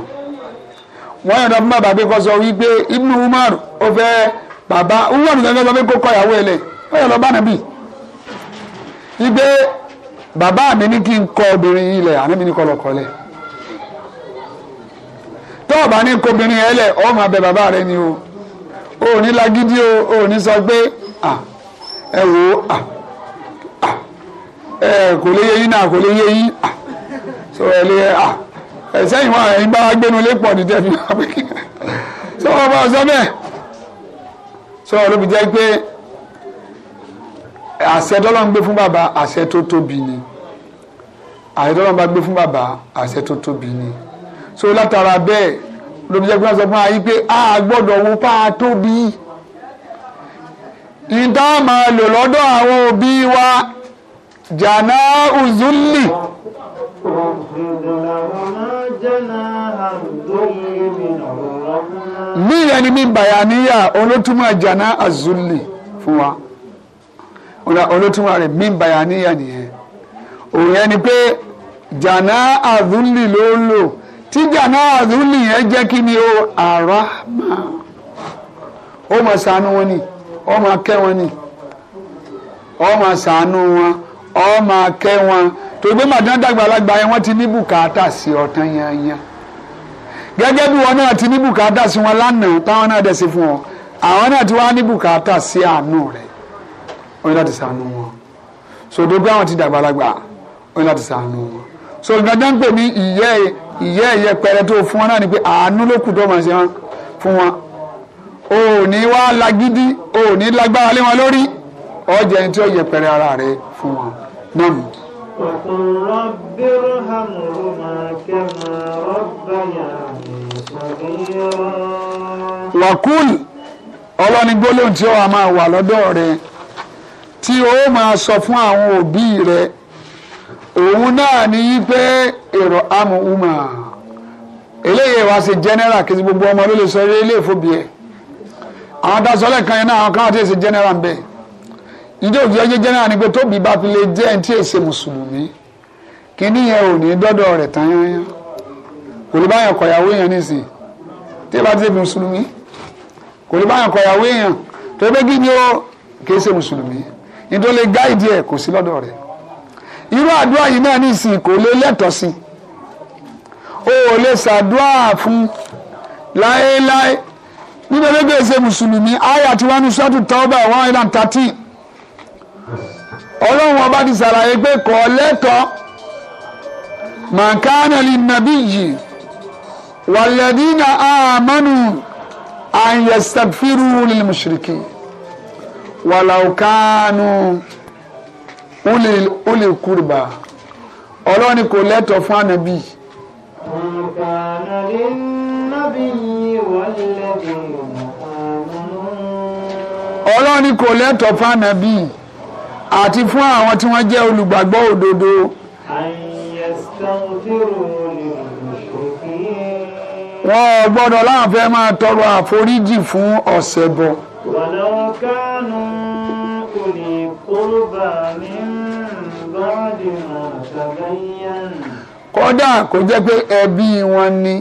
baba uwọ́n ní sọ́jọ́ pé kọkọ ìyàwó ẹ̀ ó yẹ lọ bá nàbì igbe bàbá mi ní kí n kọ obìnrin yìí lẹ̀ àní mi ní kọ́ lọ kọ́ tó o bá ní kó obìnrin yẹn lẹ̀ ọ máa bẹ bàbá rẹ ni o o ní lagidi o o ní sọ pé ẹ wò ó ẹ kò lè yé yín náà kò lè yé yín so so so ló fi jẹ́ pé àṣẹ tọ́lọ́n gbé fún bàbá àṣẹ tó tóbi ni àṣẹ tọ́lọ́n bá gbé fún bàbá àṣẹ tó tóbi ni so látara bẹ́ẹ̀ ló fi jẹ́ pé wọ́n sọ fún wa yìí pé a gbọ́dọ̀ wo pa á tóbi ìdá máa lò lọ́dọ̀ àwọn òbí wa jàná uzulli. ọ̀pọ̀ ọ̀gbìn làwọn máa jẹ́ náà àdóhùn mí yẹn ni mí bàyàníyà olótúmọ̀ jana azuli fún wa olótúmọ̀ rẹ̀ bàyàníyà nìyẹn òun ni pé jana azuli ló ń lò tí jana azuli yẹn jẹ́ kí ni o àràmà ó máa ṣàánú wọn ni ó kẹ́ wọn ni ó máa ṣàánú wọn ó máa kẹ́ wọn tó gbé màdán dàgbàlagbà yẹn wọ́n yanyan gẹ́gẹ́ bí wọn náà ti ní bùkátà sí wọn lánàá táwọn náà dẹ̀ sí fún ọ àwọn náà ti wá ní bùkátà sí àánú rẹ wọn láti sànú wọn sòdò gbé àwọn ti dàgbàlagbà wọn láti sànú wọn sòdò ń pè ní ìyẹ́ ìyẹ́ ìyẹ́ pẹrẹ tó fún wọn náà ni pé àánú ló kù tó máa ṣe wọn fún wọn o ò ní wá lagídí o ò ní lágbára lé wọn lórí ọjà ẹni tí ó yẹ pẹrẹ ara rẹ fún wọn náà. وقل رب ارحمهما كما ربياني صغيرا وقل ọlọ́ni gbólóhùn tí ó wà máa wà lọ́dọ̀ rẹ tí ó máa sọ fún àwọn òbí rẹ òun náà ní í pé èrò amúhùmá eléyìí wá sí general kí gbogbo ọmọ ló lè sọ eré ilé ìfòbí ẹ àwọn dasọlẹ kan yẹn náà àwọn kan àti èsì general bẹ́ẹ̀ njẹ́ òbí ọjọ́ jẹ́ náà ni pé tóbi bá fi lè jẹ́ ẹni tí èsè mùsùlùmí kínní yẹn ò ní dọ́dọ̀ rẹ̀ tán yányán kò lè báyàn tí ẹ ti ṣe mùsùlùmí kò lè báyàn tó yẹ pé kí ni ó kì í ṣe mùsùlùmí nítorí lè gáìdì ẹ̀ kò sí lọ́dọ̀ rẹ̀ irú àdúrà yìí náà nísìnyí kò lè lẹ́tọ̀ọ́ sí o ò lè ṣàdúrà fún láéláé nítorí pé kì í ṣe mùsùlùmí àyà tí wọ́n ní one hundred and thirteen ọlọ́run ọba ti ṣàlàyé pé kò lẹ́tọ̀ọ́ màkánàlì nàbíyì wàlẹ́dínà àmánù àyẹ̀sàfírù lil mushriki wàlàùkánù ulè kúrìbà ọlọ́run ni kò lẹ́tọ̀ọ́ fún ànábì. ọlọ́run kò lẹ́tọ̀ọ́ fún ànábì àti fún àwọn tí wọ́n jẹ́ olùgbàgbọ́ òdodo. wọ́n gbọ́dọ̀ láwọn fẹ́ máa tọrọ àforíjì fún ọ̀sẹ̀ bọ̀. wàlọ́ kánú kò ní kóróbà mi kódà kò jẹ́ pé ẹbí wọn ni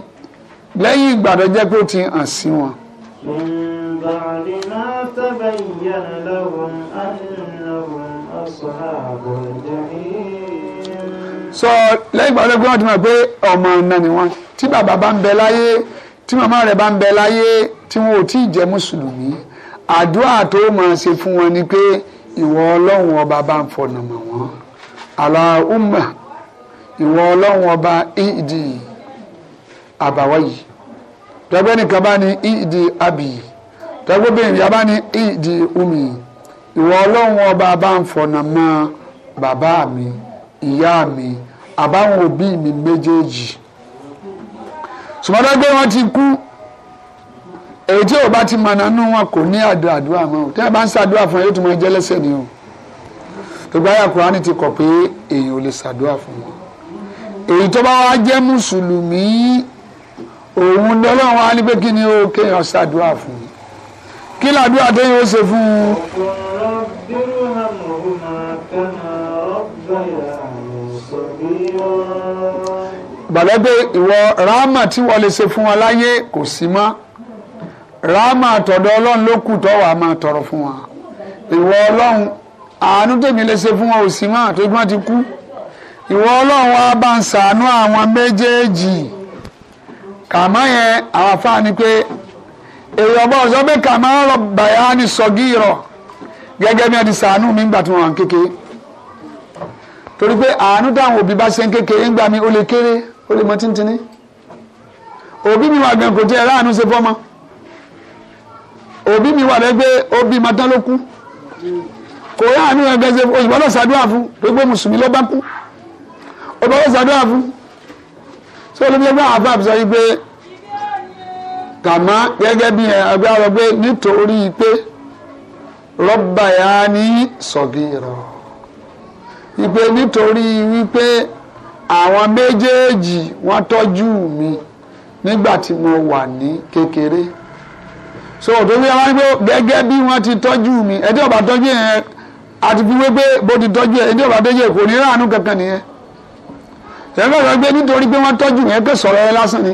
lẹ́yìn ìgbà tó jẹ́ pé ó ti hàn sí wọn. من بعد ما تبين لهم أنهم So lẹ́yìn ìgbà ọlọ́gbọ́n ti mọ̀ pé ọmọ ọ̀nà ni wọ́n tí bàbá bá ń bẹ láyé tí màmá rẹ̀ bá ń bẹ láyé tí wọn ò tí ì jẹ́ mùsùlùmí àdúrà tó máa ṣe fún wọn ni pé ìwọ ọlọ́run ọba bá ń fọ̀nà mọ̀ wọ́n aláhùnmá ìwọ ọlọ́run ọba ìdí àbáwáyì dọ́gbẹ́nìkan bá ní ìdí àbí dọ́gbẹ́bìnrin yá bá ní ìdí umi ìwọ ọlọ́run ọba bá ń fọ̀nà mọ́ bàbá mi ìyá mi àbáwọn òbí mi méjèèjì sùmọ́dọ́gbé wọn ti kú èyí tí ọba ti mọ̀nà nínú wọn kò ní àdúrà mọ́ tẹ́ ẹ bá ń ṣàdúrà fún ẹ yóò tún mọ jẹ́lẹ́sẹ̀ ni o gbogbo àyà kùránì ti kọ̀ pé èèyàn ò lè ṣàdúrà fún wọn èyí tó bá wá jẹ́ mùsùlùmí òun lọ́lọ́run wá ní pé kí ni ó kéèyàn ṣàdúrà fún un kí làdúrà téyìn ó ṣe fún un. gbàgbọ́ pé ìwọ ráàmà tí wọ́n lè ṣe fún wa láyé kò sí mọ́ ráàmà tọ̀dọ̀ ọlọ́run ló kù tọ́wọ́ a máa tọrọ fún wa ìwọ ọlọ́run àánú tèmi lè ṣe fún wa ò sí mọ́ àti ojúmọ́ ti kú ìwọ ọlọ́run wa bá ń ṣàánú àwọn méjèèjì kàmá àwọn afáàní pé èèyàn bọ́ sọ pé kà máa rọ bàyá ni sọgírọ gẹ́gẹ́ bí wọ́n ti sàánú mi ńgbà tí wọ́n hàn kékeré torí pé àánú táwọn òbí bá ṣe ń kékeré ńgbà mi ó lè kéré ó lè mọ tíntínní òbí mi wà gan kò tiẹ̀ ráàánú ṣe fọ́mọ òbí mi wà lẹ́gbẹ́ òbí ma tán ló kú kò ráàánú ẹgbẹ́ ṣe òyìnbó lọ ṣàdúrà fún gbogbo mùsùlùmí ló bá kú òbí lọ ṣàdúrà fún ṣé olóbi ẹgbẹ́ àbá àbùsọ yìí pé kàmá gẹ́gẹ́ bí agbára pé nítorí pé rọ́bà yá ní sọ̀gìrọ̀ ìpè nítorí wípé àwọn méjèèjì wọ́n tọ́jú mi nígbà tí mo wà ní kékeré so òtòbí ẹ wá ní pé gẹ́gẹ́ bí wọ́n ti tọ́jú mi ẹtí ọba tọ́jú yẹn àti fi wípé bó ti tọ́jú yẹn ẹtí ọba tọ́jú yẹn kò ní ráàánú kankan nìyẹn ṣẹ́ńkà sọ pé nítorí pé wọ́n tọ́jú yẹn kẹ́ ẹ lásán ni.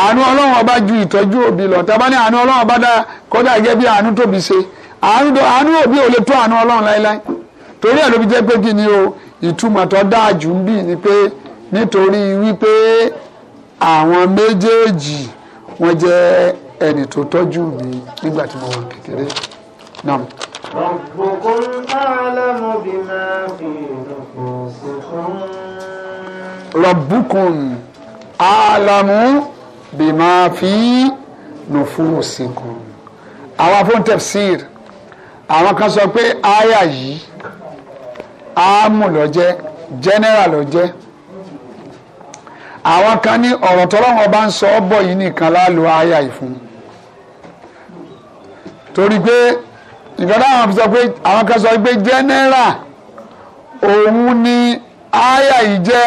àánú ọlọ́run ọba ju ìtọ́jú òbí lọ tá a bá ní àánú ọlọ́run ọba dáa kódà gẹ́gẹ́ bí àánú tóbi ṣe àánú òbí ò lè tó àánú ọlọ́run láéláé torí ẹ̀ ló fi jẹ́ pé kí ni o ìtumọ̀ tó dáa jù ń bì ni pé nítorí wípé àwọn méjèèjì wọ́n jẹ́ ẹni tó tọ́jú mi nígbà tí mo wà kékeré náà. ربكم أعلم بما في نفوسكم ربكم أعلم Bima fi nufusikum àwọn afọ́ntẹ̀sír àwọn kan sọ pé àyà yìí àámù ló general ló jẹ́ àwọn kan ní ọ̀rọ̀ tọ́lọ́wọ́n bá ń sọ ọ́ bọ̀ yìí nìkan láàlú àyà yìí fún torí pé nǹkan táwọn sọ pé àwọn kan sọ pé general òun ni àyà yìí jẹ́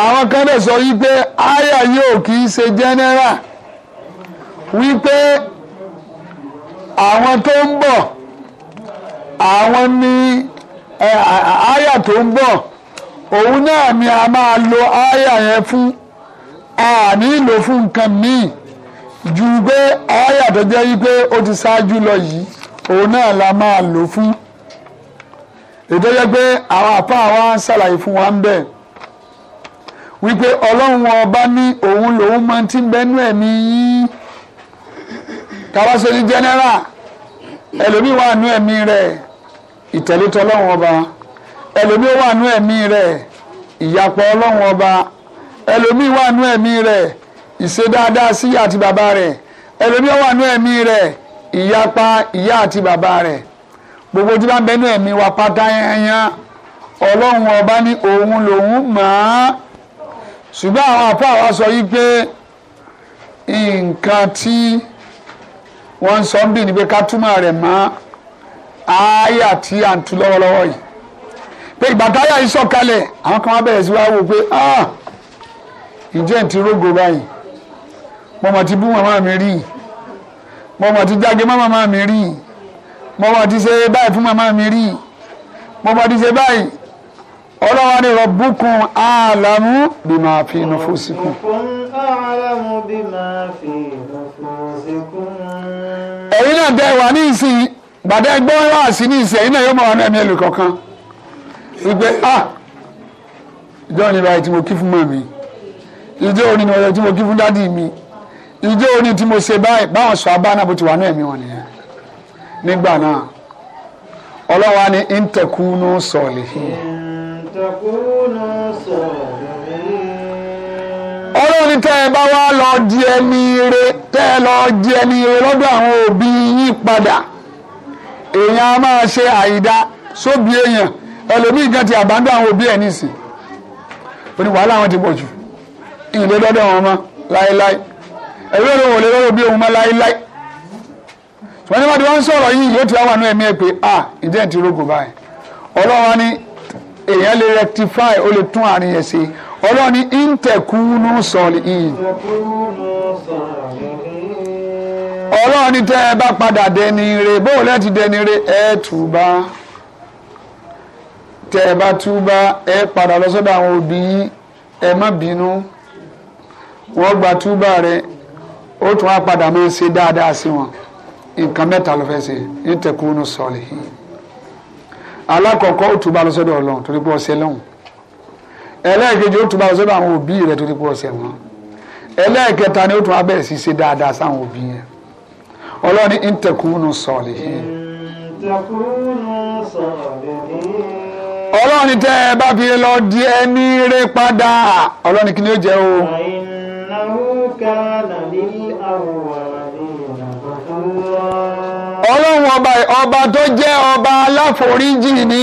àwọn kan dẹ̀ sọ wípé aya yóò kì í ṣe general wípé àwọn tó ń bọ̀ àwọn ní aya tó ń bọ̀ òun náà ni a máa lo aya yẹn fún a nílò fún nǹkan míì ju pé aya tó jẹ́ wípé ó ti ṣáájú lọ yìí òun náà la máa lò fún ìdọ́jọ́ pé àwọn àpá wa ń ṣàlàyé fún wa ń bẹ́ẹ̀ wípé ọlọ́run ọba ní òun lòun máa ti bẹnu ẹ̀mí yín káwá ṣe ní jẹ́nẹ́rà ẹlòmíì wà nú ẹ̀mí rẹ̀ ìtẹ̀lẹ́tọ̀ ọlọ́run ọba ẹlòmíì wà nú ẹ̀mí rẹ̀ ìyapọ̀ ọlọ́run ọba ẹlòmíì wà nú ẹ̀mí rẹ̀ ìṣe dáadáa sí ìyá àti bàbá rẹ̀ ẹlòmíì wà nú ẹ̀mí rẹ̀ ìyapa ìyá àti bàbá rẹ̀ gbogbo tí bá ń ẹ̀mí wa pátá yẹn yẹn ọlọ́run ọba ní òun lòun máa ṣùgbọ́n àwọn àpá wa sọ yí pé nǹkan tí wọ́n ń sọ ń bì ní pé ká túmọ̀ rẹ̀ mọ́ àáyà tí à ń tu lọ́wọ́lọ́wọ́ yìí pé ìgbà táyà yìí sọ̀kalẹ̀ àwọn kan wá bẹ̀rẹ̀ sí wá wò pé ah, ǹjẹ́ ń ti rógo báyìí mọ̀mọ́ ti bú màmá mi rí mọ̀mọ́ ti jágé mọ́ màmá mi rí mọ̀mọ́ ti ṣe báyìí fún màmá mi rí mọ̀mọ́ ti ṣe báyìí ọlọ́wọ́ ni rọ̀bùkún àlàmú bímọ fi nufusikum. ẹ̀yìn náà bẹ́ẹ̀ wà ní ìsìn gbàdá ẹgbẹ́ wọn sí ní ìsìn ẹ̀yìn náà yóò mọ̀ wọn ẹ̀mí ẹ̀lú kankan a ah, ìjọ ni báyìí tí mo kí fún ìjọ òní ni ọ̀yọ́ tí mo kí fún dádì mi ìjọ òní tí mo ṣe báyìí báwọn sọ abá náà bó ti nígbà náà ní ọlọ́ni tẹ́ ẹ bá wá lọ di ẹni ire tẹ́ ẹ lọ di ẹni ire lọ́dọ̀ àwọn òbí yín padà èèyàn a máa ṣe àìda sóbi èèyàn ẹlòmíì gan ti àbádọ́ àwọn òbí ẹ̀ nísìn òní wàhálà wọn ti pọ̀ jù ìlé lọ́dọ̀ wọn mọ́ láéláé ẹ̀rí òun ò lè lọ́dọ̀ bí òun mọ́ láéláé ṣùgbọ́n nígbà tí wọ́n sọ̀rọ̀ yìí yóò ti wá wà nú ẹ̀mí ẹ̀ pé ah ìdí ẹ̀ báyìí ọlọ́run á ní èèyàn lè rectify ó lè tún àárín yẹn ṣe ọlọ́run ní ìntẹ̀kùnú sọ̀lì yìí ọlọ́run ní tẹ́ ẹ bá padà dẹni re bóun lẹ́ẹ̀tì dẹni re ẹ túbá tẹ́ ẹ bá túbá ẹ padà lọ sọ́dọ̀ àwọn òbí ẹ má bínú wọ́n gba túbá rẹ ó tún á padà máa ṣe dáadáa sí wọn nǹkan mẹ́ta ló fẹ́ ṣe ìntẹ̀kùnú sọ̀lì yìí alákọ̀ọ́kọ́ ó túbà lọ sọ́dọ̀ ọlọ́run torí pé ọ̀sẹ̀ lọ́hùn ẹlẹ́ẹ̀kejì ó túbà lọ sọ́dọ̀ àwọn òbí rẹ̀ torí pé ọ̀sẹ̀ wọn ẹlẹ́ẹ̀kẹta ni ó tún abẹ́ sí ṣe dáadáa òbí yẹn ọlọ́run ní ìtẹ̀kùnú sọ̀lẹ̀ ọlọ́run tẹ́ ẹ bá fi di ẹni rẹ padà ọlọ́run kí ni ó jẹ́ o. ìnáwó nàní àwọn àdéhùn àkọ́kọ́ ọlọ́run ọba ọba tó jẹ́ ọba aláforíjì ni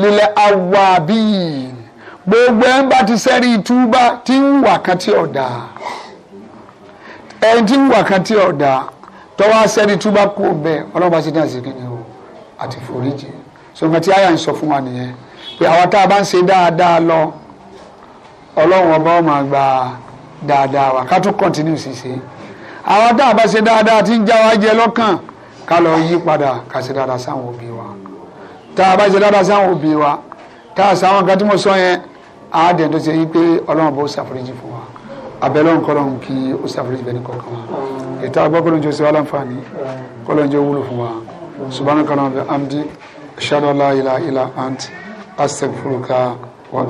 lílẹ̀ awàbí gbogbo ẹ̀ ń bá ti sẹ́rí túbá tí ń wà kan tí ọ̀dà ẹni tí ń wà kan tí ọ̀dà tọ́wọ́ sẹ́rí túbá kú bẹ́ẹ̀ ọlọ́run bá ṣe ní àṣekí ni o àti foríjì sọ̀rọ̀ tí àyà ń sọ fún wa nìyẹn pé àwa tá a bá ń ṣe dáadáa lọ ọlọ́run ọba ó máa dáadáa wa ká tún kọ́ntínú sí ṣe àwa tá a bá ṣe dáadáa ti ń já wa jẹ lọ́kàn ká lọ yí padà ká ṣe dáadáa sáwọn òbí wa tá a bá ṣe dáadáa sáwọn òbí wa tá a sáwọn nǹkan tí mo sọ yẹn á dẹ̀ tó ṣe yí pé ọlọ́run bó ṣàforíjì fún wa abẹ́lẹ́ ọ̀nkọ́lọ́hún kí ó ṣàforíjì bẹ́ẹ̀ ní kọ̀ọ̀kan wa ètò agbọ́kọ́lọ́ jọ ṣe wá láǹfààní kọ́lọ́ jọ wúlò fún wa subhanaka wa amdi ashhadu an la ilaha illa ant astaghfiruka wa